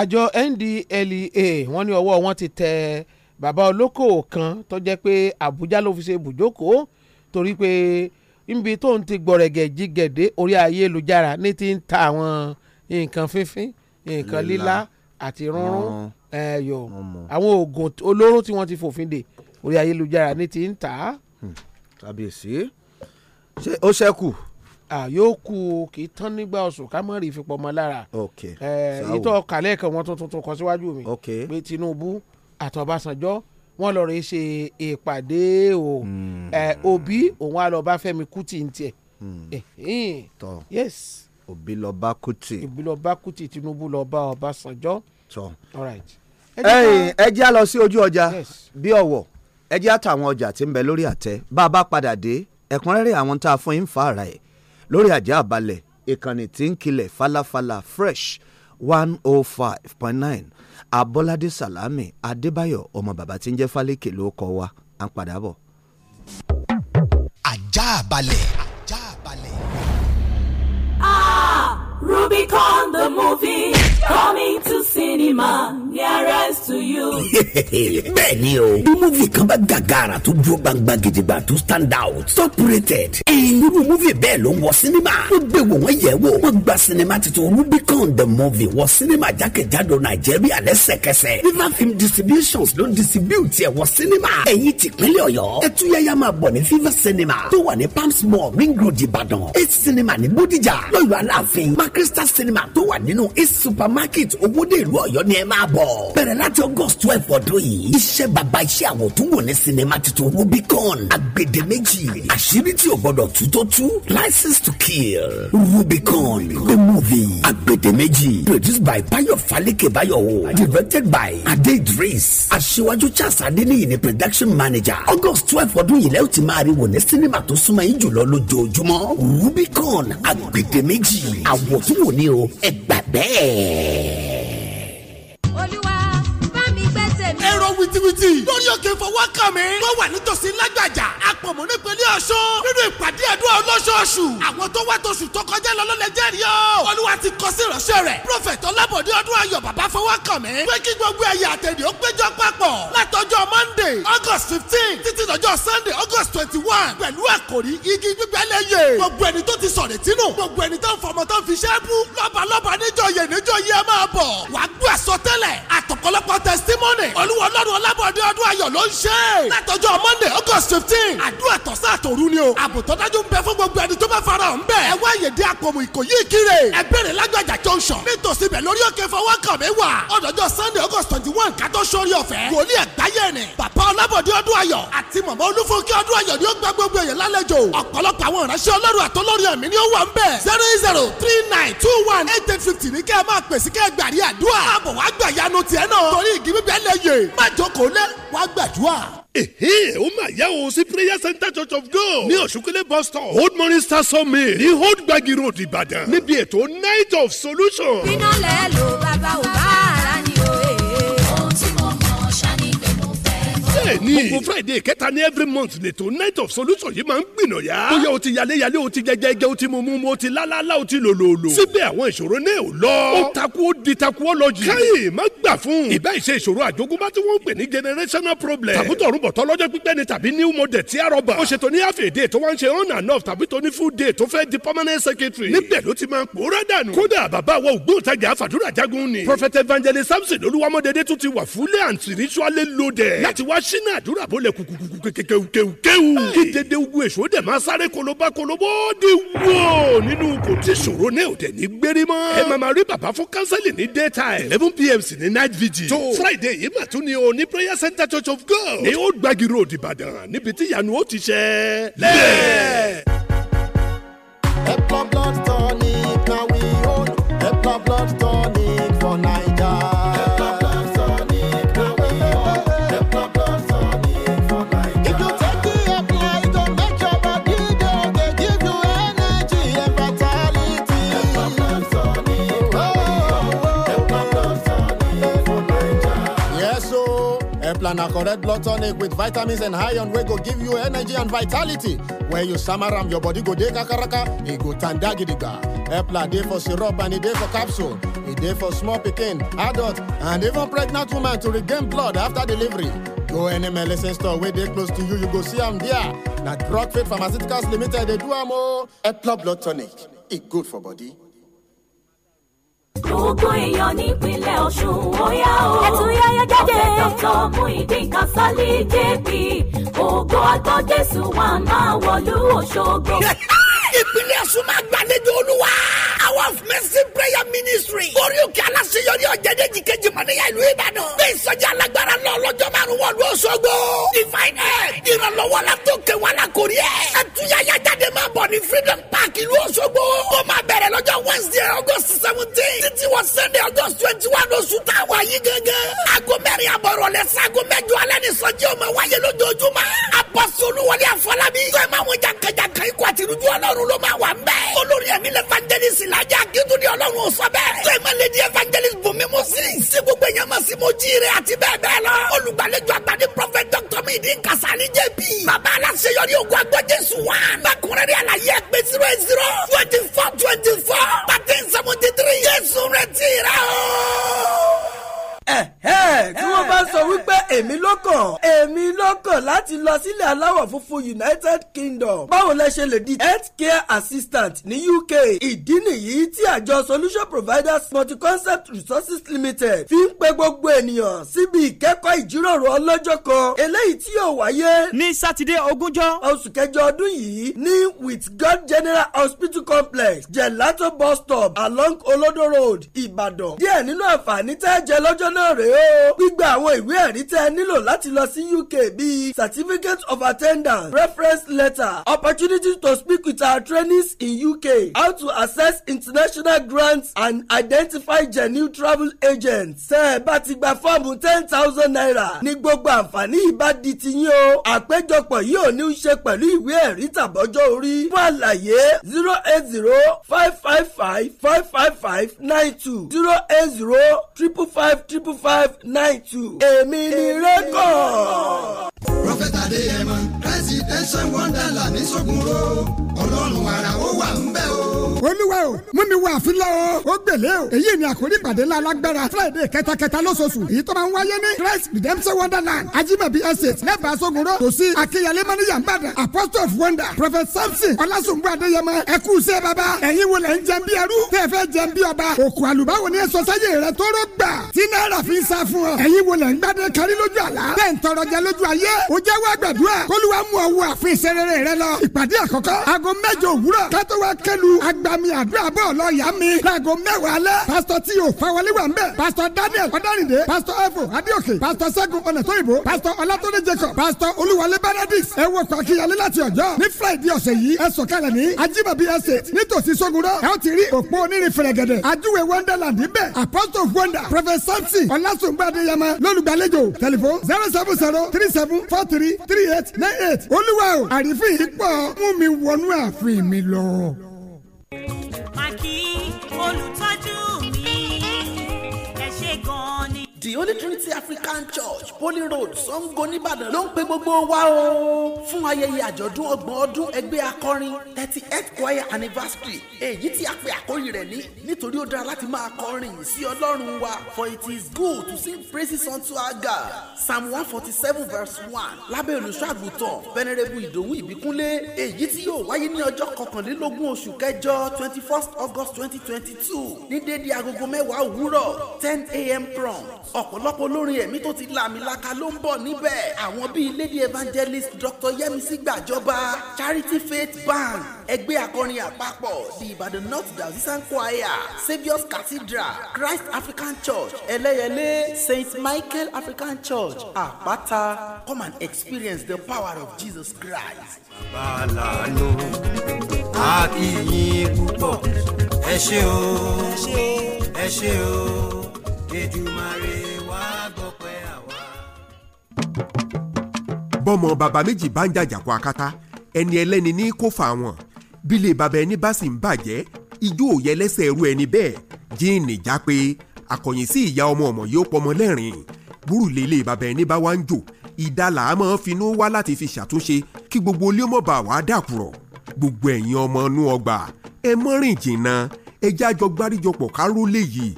àjọ NDLEA wọ́n ní ọwọ́ wọn ti tẹ bàbá olókòwò kan tó jẹ́ pé Àbújá ló fi ṣe ibùjókòó torí pé níbi tó ń ti gbọ̀rẹ̀gẹ̀ jígẹ̀dẹ̀ orí ayélujára ní ti ń ta àwọn nǹkan fínfín nǹkan lílá àti rúnrún ẹ̀yọ̀ àwọn oògùn olóró tí wọ́n ti fòfin dè orí ayélujára ní ti ń ta á. Hmm kábíyèsí ṣé ó ṣẹ́kù àyókù kì í tán nígbà ọ̀sùn ká mọ̀ rí ìfipọ̀ mọ́ lára ìtọ́ kàlẹ́ kan wọn tuntun tún kọ síwájú mi pé Tinubu àtọ̀básanjọ́ wọn lọ rè ṣe ìpàdé o Obi hmm. òun á lọ bá Fẹ́mi Kútì ń tiẹ̀ hmm. yes Obi lọ bá Kútì Obi lọ bá Kútì Tinubu lọ bá Ọbásanjọ́ ẹ jẹ́ a lọ sí ojú ọjà bí ọ̀wọ̀ ẹ jẹ́ àtàwọn ọjà tí ń bẹ lórí àtẹ bá a bá padà dé ẹ̀kúnrẹ́rẹ́ àwọn tá a fún yín fa ara ẹ̀ lórí àjà àbálẹ̀ ìkànnì tí ń kilẹ̀ falafala fresh one oh five point nine abọ́ládé salami adébáyọ̀ ọmọ bàbá tí ń jẹ́ fálékè ló kọ́ wa à ń padà bọ̀. àjà àbálẹ̀. àjà àbálẹ̀. Ah! Rubicon the movie coming to cinema nearest to you. bẹ́ẹ̀ ni o múvì kan bá gàgàrà tó dúró gbangba gidigba tó stand out top rated. irú múvì bẹ́ẹ̀ ló ń wọ sinima wọ́n gbé wò wọ́n yẹ̀ wò wọ́n gba sinima titun Rubicon the movie wọ sinima jákèjádò Nàìjíríà lẹ́sẹ̀kẹsẹ̀ River Film Distributions ló ń distribute ẹ̀ wọ sinima ẹ̀yin tìpínlẹ̀ Ọ̀yọ́ ẹtúyẹyà máa bọ̀ ní fever cinema tó wà ní Palms mall ring road Ìbàdàn eight cinema ní Bódìjà lọ́yọ̀ Aláàfin mark crystal cinema tó wà nínú east supermarket owóde ìlú ọ̀yọ́ ni ẹ máa bọ̀. bẹ̀rẹ̀ láti august twelve ọdún yìí iṣẹ́ bàbá iṣẹ́ àwọn tó wò ní Cinema. tuntun rubicon agbedeméjì àṣírí tí o gbọdọ̀ tú tó tú license to kill rubicon the movie agbedeméjì produced by bayo falike bayowo directed by ade idris aṣíwájú charles adeniyi ni production manager august twelve ọdún yìí lẹ́yìn tí máa rí wò ní sinimá tó súnmọ́ yín jùlọ lójoojúmọ́ rubicon agbedeméjì àwọ̀ tún wò ní o ẹ gbà bẹ́ẹ̀. activity. lórí òkè fọwọ́kàn mi. tó wà nítòsí lágbàjà. àpọ̀mọ́ nípínlẹ̀ ọ̀ṣun. nínú ìpàdé àdúrà olóṣooṣù. àwọn tó wá tóṣù tó kọjá lọ lọ́lẹ̀ jẹ́rìí o. olúwa ti kọ sí ìránṣẹ́ rẹ̀. prọfẹ̀tì ọlábọ̀dé ọdún ayọ̀ bàbá fọwọ́kàn mi. pé kí gbogbo ẹ̀yà àtẹ̀dẹ̀ ó péjọ papọ̀. látọjọ́ monday august fifteen títí dọjọ́ sunday august twenty one. pẹ̀lú àkòrí igi gbígbẹ́ lẹ́yẹ. gbogbo ẹni tó ti sọ̀rẹ̀ tínú. gbogbo ẹni tó ń fọmọ tó ń fi ṣẹ́ẹ́bù. lọ́balọ́ba níjọ yẹ níjọ yẹ máa bọ̀. wàá gbọ́ àsọtẹ́lẹ̀ àtọ̀kọ́lọ́pọ̀ testimony. olúwa ọlọ́run ọlá ìjábọ̀ ní ọdún ayọ̀ ló ń ṣe. látọjọ́ monday august fifteen àdúrà tọ̀sán àtòru ni o. àbùtọ́ dájú ń bẹ fún gbogbo ẹni tó bá fara hàn bẹ́ẹ̀. ẹ wá yèdè akọ̀mù ìkòyí ìkírè. ẹ bẹ̀rẹ̀ lágbàjà junction. nítòsí bẹ̀ lórí òkè fọwọ́kànmí wà. ọ̀dọ́jọ́ sunday august twenty one kátó sórí ọ̀fẹ́. wòlíì ẹ̀gbáyé ni. bàbá ọlábọ̀dé ọdún ayọ̀ àti màmá olúfúnkẹ́ ọdún ayọ̀ ni ó gba gbogbo èèyàn lálejò. ọ̀pọ̀lọpọ̀ àwọn ìránṣẹ́ ọlọ́run àtọ́lọ́rin ẹ̀mí àròlé wàá gbàdúrà ehe o ma ya o sí prayer center church of god ní ọ̀ṣunkẹ́lẹ́ bus stop old morning star summit ní old gbagi road ìbàdàn níbi ètò night of solution. iná lẹ́ lo bàbá ò friday ni. gbogbo friday kẹta ní every month lètò night of solution yìí máa ń gbìnàyà. bóyá o ti yaléyalé o ti jẹjẹjẹ o ti mumu o ti lálálá o ti lòlòlò. síbẹ̀ àwọn ìṣòro náà ò lọ. ó takú ó di takú ó lọ jù. káyè má gbà fún. ìbá ìṣe ìṣòro àjogúnbá tí wọ́n ń pè ní generational problem. tàbí tọ̀run bọ̀ tọ́lọ́jọ́ pípẹ́ ni tàbí new model tí a rọ̀bà. ó ṣe tó ní half a tó wá ń ṣe on and off tàbí tó ní full day tó fẹ́ di permanent secretary. níbẹ̀ ló ti máa pòórá dànù. kódà wa ògbóǹtajà àfàdúrà jagun ni. prophet evangelist samson olúwamọ́dédé tún ti wà fúlẹ̀ and spiritually loaded. láti wá nínú àdúrà bó lẹ kúkúkú kékéwukéwu. kí dédé ugu èso dẹ̀ máa sáré koloba kolobo di wó nínú kò tí ṣòro náà ò dẹ̀ ní gbérí mọ́. ẹ màmá rí bàbá fún kánsẹ́lì ní daytime eleven pm sí ní night vigil. tó friday yìí mà tún ni o ní prayer center church of god. ní ó gbági road ìbàdàn níbi tí ìyanu ó ti ṣẹ. lẹ́ẹ̀. ẹ pọ́n blood and a correct blood tonic with vitamins and iron wey go give you energy and vitality. When you summer am, your body go dey kakaraka, e go tanda gidiga. Epla dey for syrup and e dey for capsule. E dey for small pikin, adult, and even pregnant woman to regain blood after delivery. Go any medicine store wey dey close to you, you go see am there. Na Drug Faith Pharmaceuticals Limited dey do am o. Epla blood tonic, e good for body gbogbo èèyàn nípínlẹ̀ ọ̀ṣun ó yá o. ẹ̀tún yáyá jáde. ọ̀fẹ́ dọ́tọ̀ Muyideen Kasali JP ògo àgbọ̀ jésù wà máa wọ̀lú òṣogbo. ìpínlẹ̀ ọ̀ṣun máa gbàlejò olúwa Power of Mercy Prayer Ministry. Orí òkè aláṣeyọrí ọ̀jẹ̀dẹ̀jì kejì mọ̀nìyà ìlú Ìbàdàn. Bí ìsọjí alágbára lọ lọ́jọ́ márùn-ún wọ̀lú Òṣogbo. Divine Aid. Ìrànlọ́wọ́ la tó ké wa la kò rí ẹ̀. Ẹtúyàyà jáde máa bọ̀ ní Freedom Park ìlú Òṣogbo. Ó máa bẹ̀rẹ̀ lọ́jọ́ Wednesday August seventeen. Títí wọ Sunday August twenty one oṣù táwa yìí gángan. Aago mẹ́rin àbọ̀rọ̀ lẹ sago mẹ́jọ alẹ́ ní sọjí ó máa wáyé lójoojúmọ́. Apọ́sọ̀lù wọlé àfọlábí. Sọ Túnjí Akíntúndé Ọlọ́run ò sọ bẹ́ẹ̀. Sèmọ Lady Evangelist Bùnmi Moses. Ṣé gbogbo èèyàn mọ̀ sí Mojí rẹ̀ àti bẹ́ẹ̀ bẹ́ẹ̀ lọ. Olùgbàlejò àgbà ni Prọfẹ̀t Dr. Midi Kasani JP. Bàbá aláṣeyọrí ògùn àgbọ̀ Jésù wá. Bákùnrẹ́rẹ́ àlàyé pé zero eight zero twenty four twenty four thirteen seventy three. Jésù rẹ̀ ti rà ó tí wọ́n bá sọ wípé èmi ló kàn èmi ló kàn láti lọ sílẹ̀ aláwọ̀ funfun United Kingdom báwo lẹ ṣe lè di health assistant ní UK ìdí nìyí tí àjọ solution providers multi-concept resources limited fi ń pe gbogbo ènìyàn síbi ìkẹ́kọ̀ọ́ ìjíròrò ọlọ́jọ́ kan eléyìí tí yóò wáyé ní sátidé ogúnjọ́ oṣù kẹjọ ọdún yìí ní with God General Hospital Complex Gelato bus stop along Olodo Road Ìbàdàn díẹ̀ nínú àǹfààní tẹ́ jẹ lọ́jọ́ náà náà rèé o gbígba àwọn ìwé ẹ̀rí tẹ́ ẹ nílò láti lọ sí UK bíi certificate of attendance reference letter opportunity to speak with our trainees in UK how to access international grants and identify genuine travel agents tẹ́ ẹ bá ti gba fọ́ọ̀mù ten thousand naira ní gbogbo àǹfààní yìí bá di tiyín o àpéjọpọ̀ yìí ò ní í ṣe pẹ̀lú ìwé ẹ̀rí tàbọ́jọ́ orí fún àlàyé zero eight zero five five five five five five nine two zero eight zero triple five triple triple five nine two èmi ni rékọ̀. prọfẹ̀tà adéyẹmọ presidential wonderland ní sọ́gunró ọlọ́run ara ó wà ń bẹ̀ o olúwa o mú mi wọ àfilà o ó gbèlè o èyí ni àkórí ìpàdé ńlá alágbára friday kẹtakẹta lóṣooṣù èyí tó máa ń wáyé ní christ redemption wonderland ajimabi estate lẹ́bàá sọ́gunró tòsí akínyẹlé mọ́níyà ń bàdàn apostle of wonder prophet samson ọlásùnbù adéyẹmọ ẹkú iṣẹ́ bàbá ẹ̀yin wo lẹ̀ ń jẹun bí ẹrú tẹ́ ẹ fẹ́ jẹun bí ọba òkú àlùbáwò ni ẹ sọ sáyé rẹ tóró gbà tí náírà náírà fi ń sá fún ọ. ẹ̀yin wo lẹ̀ ń gbádùn kárí lójú àlá. bẹ́ẹ̀ ń tọrọ jẹ lójú ayé. o jẹ́ wá gbàdúrà. kólúwa mú ọ wọ àfin ìṣerere rẹ lọ. ìpàdé àkọ́kọ́. aago mẹ́jọ òwúrọ̀. kátó wa kẹlu agbami àdúrà bọ̀ lọ yá mi. láago mẹ́wàá lẹ. pásítọ̀ tí o fawọlé wà ń bẹ̀. pásítọ̀ daniel ọ̀dánìdé. pásítọ̀ ẹ̀fọ́ adéòkè. pásítọ̀ sẹ́gun ọ̀nàtóyìnbó. pásítọ̀ ọlátọ́dé jacob. pásítọ̀ olúwalé benedict. ẹ wo six ọ̀làsùngbà tẹlifon zero seven zero three seven four three three eight nine eight olúwa o àrífín ipò mú mi wọnú ààfin mi lọ. màkì olùdó. the only Trinity African Church Poly Road Sango nìbàdàn ló ń pe gbogbo wa o fún ayẹyẹ àjọ̀dún ọgbọ̀n ọdún ẹgbẹ́ akọrin thirty eight choir anniversary èyí tí a pe àkórí rẹ̀ ní nítorí ó dára láti máa kọrin sí ọlọ́run wa for it is good to sing praises unto our God psalm one forty seven verse one lábẹ́ olùṣọ́ àgùntàn venerable ìdòwú ìbíkúnlé èyí tí yóò wáyé ní ọjọ́ kọkànlélógún oṣù kẹjọ twenty first august twenty twenty two ní déédéé agogo mẹ́wàá òwúrọ̀ ten a.m. prompt ọ̀pọ̀lọpọ̀ olórin ẹ̀mí tó ti làmìlaka ló ń bọ̀ níbẹ̀ àwọn bíi lady evangelist dr yemisi gbàjọba charity faith bank ẹgbẹ́ akọrin àpapọ̀ the ibadan north diocesan choir saviour's cathedral christ african church ẹlẹ́yẹlé saint michael african church àpáta come and experience the power of jesus christ. bàbá làánú a kì yín púpọ̀ ẹ ṣé o ẹ ṣé o. Èdùmàrè wá gbọpẹ́ àwa. bọ́mọ bàbá méjì bá ń jàjàkọ akátá ẹni ẹlẹ́ni ní kó fà wọ́n bílẹ̀ bàbá ẹni bá sì ń bàjẹ́ ijó òye lẹ́sẹ̀ ẹrú ẹni bẹ́ẹ̀ jíìnì já pé akọ̀yìn sí ìyá ọmọ ọmọ yóò pọmọ lẹ́rìn búrúlé ilé bàbá ẹni bá wá ń jò ìdálà á finú wá láti fi ṣàtúnṣe kí gbogbo ilé ọmọ bá wàá dàkúrọ̀ gbogbo ẹ̀yin ọmọ inú ọgbà ẹ mọ́rìn jìnnà ẹ jájọ gbáríjọpọ̀ káró léyìí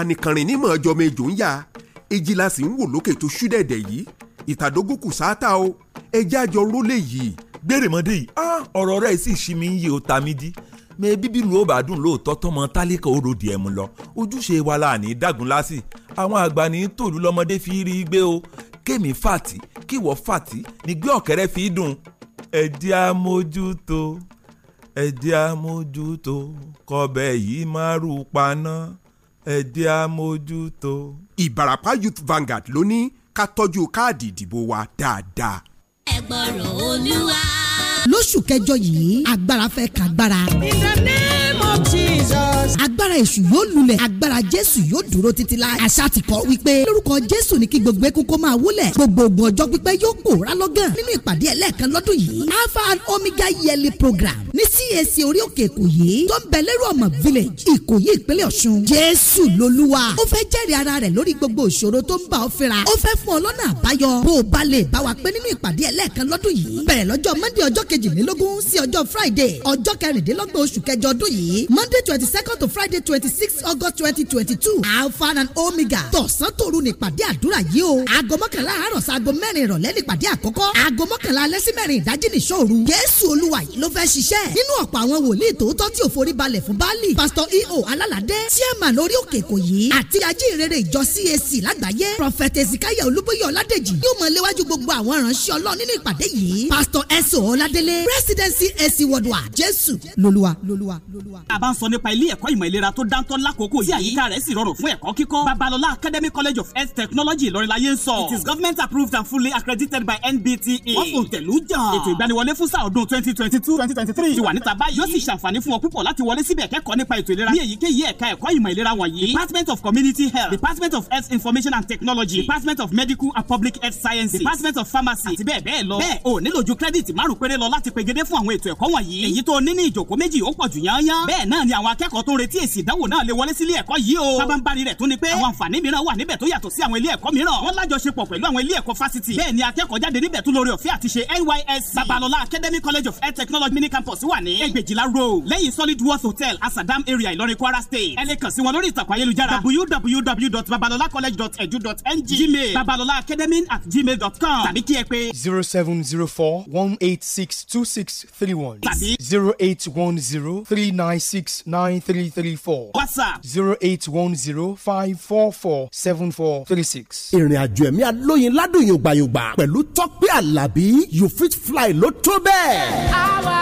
anìkànrìn nímọ̀ ọjọ́ mẹ́jọ ń yá èjì la sì ń wò lókè tó ṣú dẹ̀dẹ̀ yìí ìtàdógún kù sáátà o ẹjẹ́ àjọ rólé yìí. gbèrèmọdé yìí ọ̀rọ̀ rẹ̀ sì ṣí mi ń yé o ta mí dí mẹ bíbí lu ó bá dùn lóòótọ́ tọmọ tálíkà ó ròdì ẹ̀mú lọ ojúṣe wa la ní dàgún lásì àwọn àgbà tòlú lọmọdé fi rí gbé o kémi fàtì kíwọ fàtì nígbé ọ̀kẹ́rẹ́ fi dùn ẹ̀dí amójútó ẹ̀dí amójútó kọbẹ̀ yìí máa rú paná ẹ jẹ́ àmójútó. Ìbàràpá Youth Vanguard ló ní ká tọ́jú káàdì ìdìbò wa dáadáa. ẹ gbọ́rọ̀ olúwa. lóṣù kẹjọ yìí agbára fẹ́ kàgbára. in the name of Jesus. Jesus. agbára èṣù yóò lulẹ̀ agbára Jésù yóò dúró títí la. àṣà ti kọ wípé lórúkọ Jésù ní kí gbogbo eku kó máa wólẹ̀ gbogbo ogun ọjọ́ pípẹ́ yóò pòórá lọ́gàn nínú ìpàdé ẹlẹ́ẹ̀kan lọ́dún yìí Alpha and Omega yearly program ní CAC orí òkè Ìkòyí tó ń bẹ lérò ọmọ village Ìkòyí ìpínlẹ̀ Ọ̀ṣun Jésù lolúwa ó fẹ́ jẹ́rìí ara rẹ̀ lórí gbogbo ìṣòro tó ń bá ọ fínra ó fẹ́ fún ọ lọ́nà àbáyọ bó o bá lè bá wa pé nínú ìpàdé ẹlẹ́ẹ̀kan lọ́dún yìí bẹ̀rẹ̀ lọ́jọ́ Monday ọjọ́ kejìlélógún sí ọjọ́ Friday ọjọ́ kẹrìndínlọ́gbọ̀n oṣù kẹjọ Monday twenty second ọjọ́ tó friday twenty six august twenty twenty two alpha and omega tọ̀sán tòru nípàdé àdúrà yìí o aago mọ́kànlá àárọ̀ sí aago mẹ́rin ìrọ̀lẹ́ nípàdé àkọ́kọ́ aago mọ́kànlá alẹ́ sí mẹ́rin ìdájí nìṣọ́ọ̀rù jésù olúwa yìí ló fẹ́ ṣiṣẹ́ nínú ọ̀pọ̀ àwọn wòlíì tòótọ́ tí ò balẹ̀ fún baálì pásítọ̀ eo alálàdé chairman orí òkè èkó yìí àti ajínrere ìjọ cac lágbàáyé prọfẹtẹ zikaya olúbóyè ọládèjì yóò mọ léwájú gbogbo àwọn ìránṣẹ́ ọlọ́run nínú ìpàdé yìí pásítọ̀ ẹ̀sọ́ ọládélé presidency AC wọ̀dùà jésù lolúwa. a bá ń sọ nípa ilé ẹ̀kọ́ ẹ̀kọ́ ìmọ̀ ìlera tó dáńtọ́ lákòókò yìí tí àyíká rẹ̀ sì rọrùn fún ẹ̀kọ́ kíkọ́ Babalọla Academy College of Health Technology Ìlọrin ń sọ. It is government approved and fully accredited by NBTA. E. wọ́n fòun tẹ̀lú jà. ètò ìgbaniwọlé fún sáà ọdún twenty twenty two twenty twenty three ti wà níta báyìí. yóò sì ṣàǹfààní fún ọ púpọ̀ láti wọlé síbẹ̀ kẹ́kọ̀ọ́ nípa ètò ìlera ní èyíkéyìí ẹ̀ka ẹ̀kọ́ ìmọ̀ ìlera wọ̀nyí. Department of Community Health Department of Health Information and Technology Department of Medical and Public Health Sciences Department of Pharmacy àti bẹ́ẹ̀ bẹ́ẹ̀ lọ. bẹ́ẹ̀ o nílò ju kírẹ́dìtì márùn péré lọ láti pegedé fún àwọn ètò ẹ̀kọ́ wọ̀nyí. èyí tó ní ní ìjòkó méjì ó pọ̀ jù yányán. bẹ́ẹ̀ náà ni àwọn akẹ́kọ̀ọ́ tó ń retí èsì ìdánwò náà lè wọlé sí ẹ̀kọ́ yìí o. sábàǹbarì rẹ̀ tún ni pé àwọn àǹfààní mìíràn wà níbẹ̀ tó yàtọ̀ sí àwọn ilé ẹ̀kọ́ mìíràn. wọ́n lájọṣepọ̀ pẹ̀lú àwọn ilé ẹ̀kọ́ fásitì. bẹ́ẹ̀ ni akẹ́kọ̀ọ́ jáde níbẹ̀ tún lórí ọ̀fẹ́ àti ṣe NYSC. Babalọlá Academy College of Air Technology mini campus wà ní ẹgbẹ̀jìlá road lẹ́yìn Solid Worth Hotel Asadam area Ìlọrin Kwara State. ẹ gmail babalolaacademy@gmail.com tàbí kí three nine six nine three. 0334 WhatsApp 0810544736. ìrìn àjò ẹ̀mí alóyin ládùn yògbàyògbà pẹ̀lú tọ́pẹ́ àlàbí you fit fly ló tó bẹ́ẹ̀. àwa.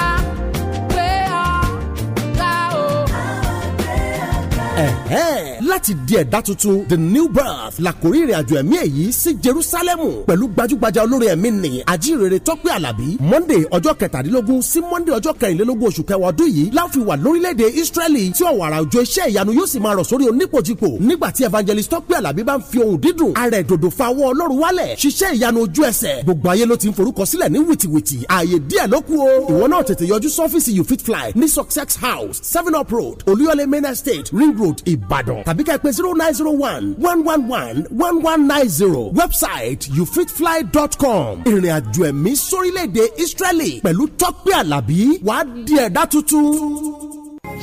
láti di ẹ̀dá tuntun the new birth làkórí ìrìnàjò ẹ̀mí èyí sí Jerúsálẹ́mù pẹ̀lú gbajúgbajà olórin ẹ̀mí nì àjírere tọ́pẹ́ àlàbí Monday ọjọ́ kẹtàdínlógún sí Monday ọjọ́ kẹrìnlélógún oṣù kẹwàá ọdún yìí láfi wà lórílẹ̀‐èdè Israeli tí ọ̀wàrà òjò iṣẹ́ ìyanu yóò sì máa rọ̀ sórí onípojìpò nígbà tí evangelist tọ́pẹ́ àlàbí bá ń fi ohun dídùn ara ìdòdò fa ọwọ́ Ọlọ́run wálẹ̀ ṣiṣẹ́ ìyanu ojú ẹsẹ̀ gbogbo ayé ló ti ń forúkọsílẹ̀ ní wìtìwìtì ààyè díẹ̀ ló kù o ìwọ náà tètè yọjú sọ́fíìsì you fit fly ní success house seven up road olúyọlé main estate ring road Ibadan tàbí ká pé zero nine zero one one one one one one nine zero website youfitfly.com ìrìn àjò ẹ̀mí sórílẹ̀-èdè Israeli pẹ̀lú Tọ́pẹ́ Àlàbí wàá di ẹ̀dá tuntun.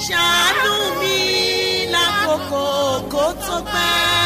ṣàánú mi lákòókò kó tó pẹ́.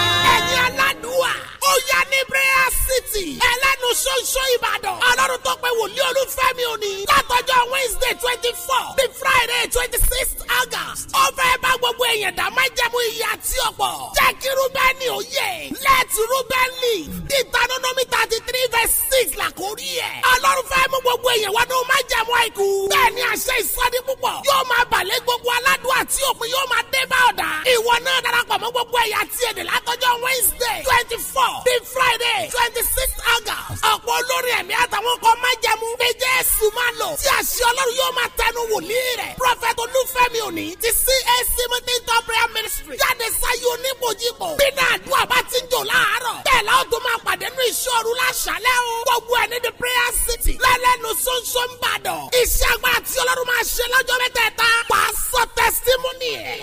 Hallelujah ní prayer city. ẹlẹ́nu ṣoṣo Ìbàdàn. Ọlọ́run tó pe wòlíì Olúfẹ́mi òní. Látọjọ́ Wednesday twenty four the Friday twenty six August. Ó fẹ́ bá gbogbo èèyàn dá májẹ̀mú ìyà tí ọ̀pọ̀. Jẹ́ kí Rúbẹ́nì ó yẹ. Let Rúbẹ́n live. Deuteronomy thirty three verse six làkórí ẹ̀. Ọlọ́run fẹ́ mú gbogbo èèyàn wá ní májẹ̀mú àìkú. Bẹ́ẹ̀ni àṣẹ ìsọdí púpọ̀. Yóò máa bàlẹ́ gbogbo aládùn àti òpin yóò máa dé bá ọ̀dà. Ìwọ náà darapọ̀ mọ́ gbogbo ẹ̀yà tí èdè látọjọ́ Wednesday twenty four big friday twenty six august ọ̀pọ̀ olórí ẹ̀mí àtàwọn kan máa jẹmu pé jésù máa lò tí àṣẹ ọlọ́run yóò máa tẹnu wòlíì rẹ̀ prophet olúfẹ́mi òní ti cac meeting top prayer ministry jáde sáyé oníbòjìbò bínú àdúrà bá ti ń jò láàárọ̀ bẹ́ẹ̀ la ó tún máa pàdé ní ìṣòro láṣálẹ́ o gbogbo ẹ̀ ní the prayer city lẹ́lẹ́nu sọ́nsọ́n bàdàn iṣẹ́ agbára tí ọlọ́run máa ṣe lọ́jọ́ mẹ́tẹ̀ẹ̀ta wàá sọ testimony ẹ̀.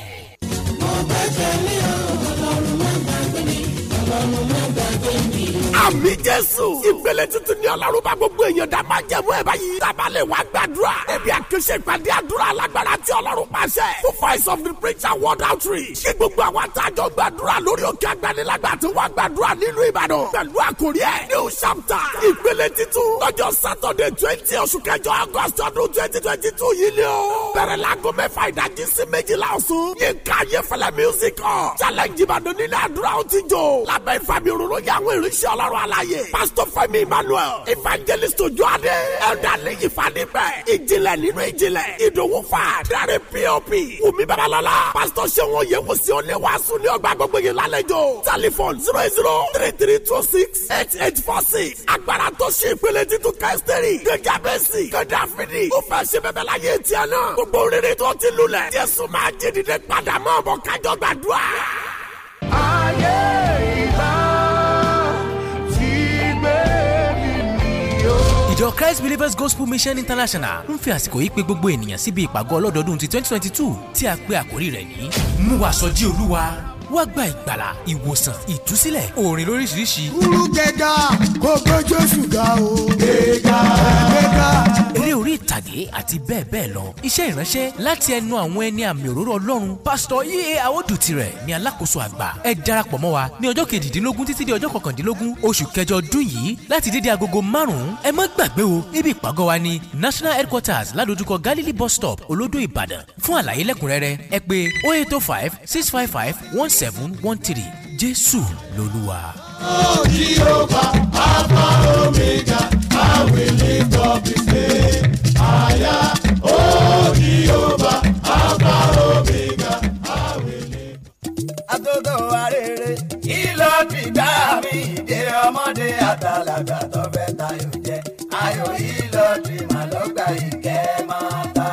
mo bẹ̀ tẹ̀lé ọlọ́run má gbàgbé mi ọlọ́run àmì jésù. ìpele tuntun ni ọlọ́run bá gbogbo èèyàn dá máa jẹ́ mú ẹ̀ báyìí. tábàlẹ̀ wá gbàdúrà. ẹbí àkẹ́sẹ̀ ìpàdé àdúrà alágbára tí ọlọ́run pàṣẹ. fún voice of the preacher world outreach. ṣé gbogbo àwọn àtàjọ gbàdúrà lórí òkè àgbànilágbà tí wọ́n gbàdúrà nílùú ìbàdàn. pẹ̀lú àkórí ẹ̀ new chapter ìpele titun. lọ́jọ́ sátọ̀dẹ̀ twenty oṣù kẹjọ august ọdún twenty twenty two yìí ni o. bẹ̀rẹ̀ láago mẹ́fà ìdájí sí méjìlá ọ̀sán. yínká ayéfẹ́lẹ́ music hall. challenge ìbàdàn nílẹ̀ àdúrà ó ti jò. lábẹ́ ìfàmì òróró yà àwọn ìrísí ọlọ́run sọ̀rọ̀ àlàyé pásítọ̀ Fẹ́mi Emmanuel evangelist ojú adé ẹ̀dálẹ̀ ìfàdíbẹ̀ ìjìnlẹ̀ nínú ìjìnlẹ̀ ìdòwú fà dárí pop wùmí babalọ́lá pásítọ̀ sẹ́wọ̀n yẹ̀wò sí ọ̀lẹ́ wàásù ní ọgbà gbogbo yẹn lálejò tẹlifọ̀n zero eight zero three three two six eight eight four six agbára tó ṣe ìpele títún kẹ́sítẹ́rì gẹ́gẹ́ bẹ́sì kẹ́dáfídì ó fẹ́ ṣe bẹ́bẹ́ láyé tiẹ̀ náà gbogbo rere ìjọ Christ Believers Gospel Mission International ń fi àsìkò yìí pè gbogbo ènìyàn síbi ìpàgọ́ ọlọ́dọọdún ti twenty twenty two tí a pè àkórí rẹ̀ ní mú wa sọjí Olúwa wá gba ìgbàlà ìwòsàn ìtúsílẹ̀ orin lóríṣiríṣi. kúrú jẹjà kó gbójú ṣùgà o. gbẹ̀gà gbẹ̀gà. eré orí ìtàgé àti bẹ́ẹ̀ bẹ́ẹ̀ lọ iṣẹ́ ìránṣẹ́ láti ẹnu àwọn ẹni àmì òróró ọlọ́run pásítọ̀ ea aodu tirẹ̀ ni alákòóso àgbà ẹ darapọ̀ mọ́ wa ní ọjọ́ kejìdínlógún títí di ọjọ́ kọkàndínlógún oṣù kẹjọ ọdún yìí láti dédé agogo márùn-ún ẹ má gbàgbé o ibi ìpàgọ́ wa ni national headquarters ládojúkọ galilee bus stop olódò ìbàdàn fún àlàyé lẹ́kùnrẹ́rẹ́ ẹ pé oh eight oh five seven one three jésù lolúwa. ó jí ó bá alpha omega I will lift up his name àyà ó jí ó bá alpha omega I will lift up. àtòdò arére kí ló mi ìdè ọmọdé àtàlàgbà tó fẹ́ tayò jẹ ayò yìí ló ti mà lọ́gbà ìkẹ́ máa ta.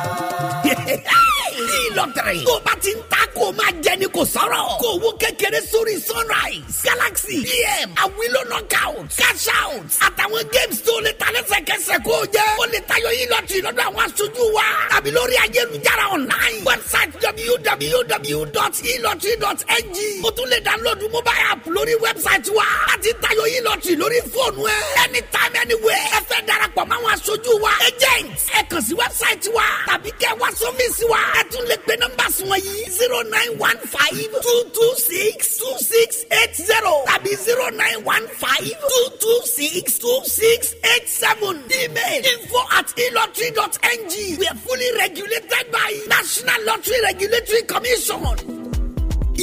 ìlọtẹrẹ tó bá ti ń kó o máa jẹ ni kò sọ̀rọ̀ kó owó kékeré sórí sunrise galaxy pm e awilo knockout cash out àtàwọn games tó lè ta lẹ́sẹ̀kẹsẹ̀ kó o jẹ́ o lè tayọ yín lọ́tì lọ́dọ̀ àwọn aṣojú wa tàbí lórí ayélujára online website www.elotry.ng o tún lè download mobile app lórí website wa láti tayọ yín lọ́tì lórí fóònù ẹ anytime anywhere ẹ fẹ́ darapọ̀ mọ́ àwọn aṣojú wa agent ẹ kàn sí website wa tàbí kẹ́ wá sọ́fíìsì wa ẹ tún lè pe nọ́mbà sùn wọ̀nyí zero nine nine one five two two six two six eight zero tàbí zero nine one five two two six two six eight seven email info at elotry dot ng we are fully regulated by national lottery regulatory commission.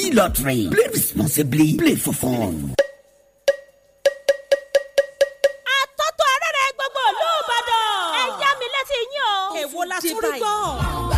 elotry play responsibly play for fun. àtọ́tọ̀ arẹ́rẹ́ gbogbo olóòbàdàn ẹ̀yá mi létí yín o. èwo la tún rí gbọ́.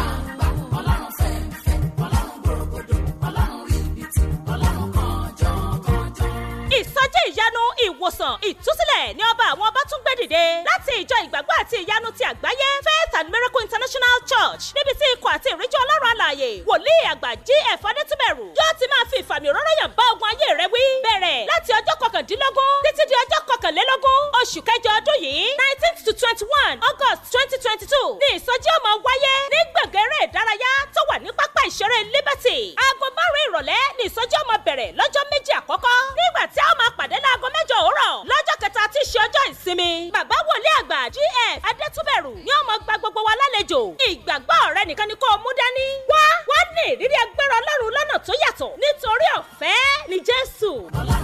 ìsọjí ìyanu ìwòsàn ìtúsílẹ̀ ni ọba àwọn ọba tún gbé dìde láti ìjọ ìgbàgbọ́ àti ìyanu ti àgbáyé faith and miracle international church níbi tí ikọ̀ àti ìríjú ọlọ́run alààyè wòlíì àgbà gf adétúbẹ̀rù yóò ti máa fi ìfàmì òróró yàn bá ogun ayé rẹ wí bẹ̀rẹ̀ láti ọjọ́ kọkàndínlógún títí di ọjọ́ kọkànlélógún oṣù kẹjọ ọdún yìí nineteen to twenty one august twenty twenty two ni ìsọjí ọmọ wáyé ní gbẹ̀gẹ́rẹ́ ìdárayá tó wà ní pápá ìṣeré liberty aago márùn-ún ìrọ̀lẹ́ ni ìsọjí ọmọ bẹ̀rẹ̀ lọ́jọ́ méjì àkọ́kọ́ nígbà tí a ó máa pàdé láago mẹ́jọ ò lọ́jọ́ kẹta tí ṣe ọjọ́ ìsinmi bàbá wòlé àgbà gf adétúbẹ̀rù ni ọmọ gba gbogbo wa lálejò ìgbàgbọ́ nìkan ni kó mú dání wá wá ní ìrírí agbára ọlọ́run lọ́nà tó yàtọ̀ nítorí ọ̀fẹ́ ni jésù. nitori ofe ni jesu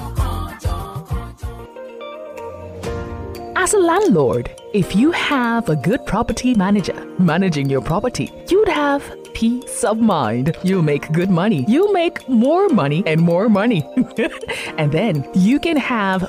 As a landlord, if you have a good property manager managing your property, you'd have peace of mind. You make good money. You make more money and more money. and then you can have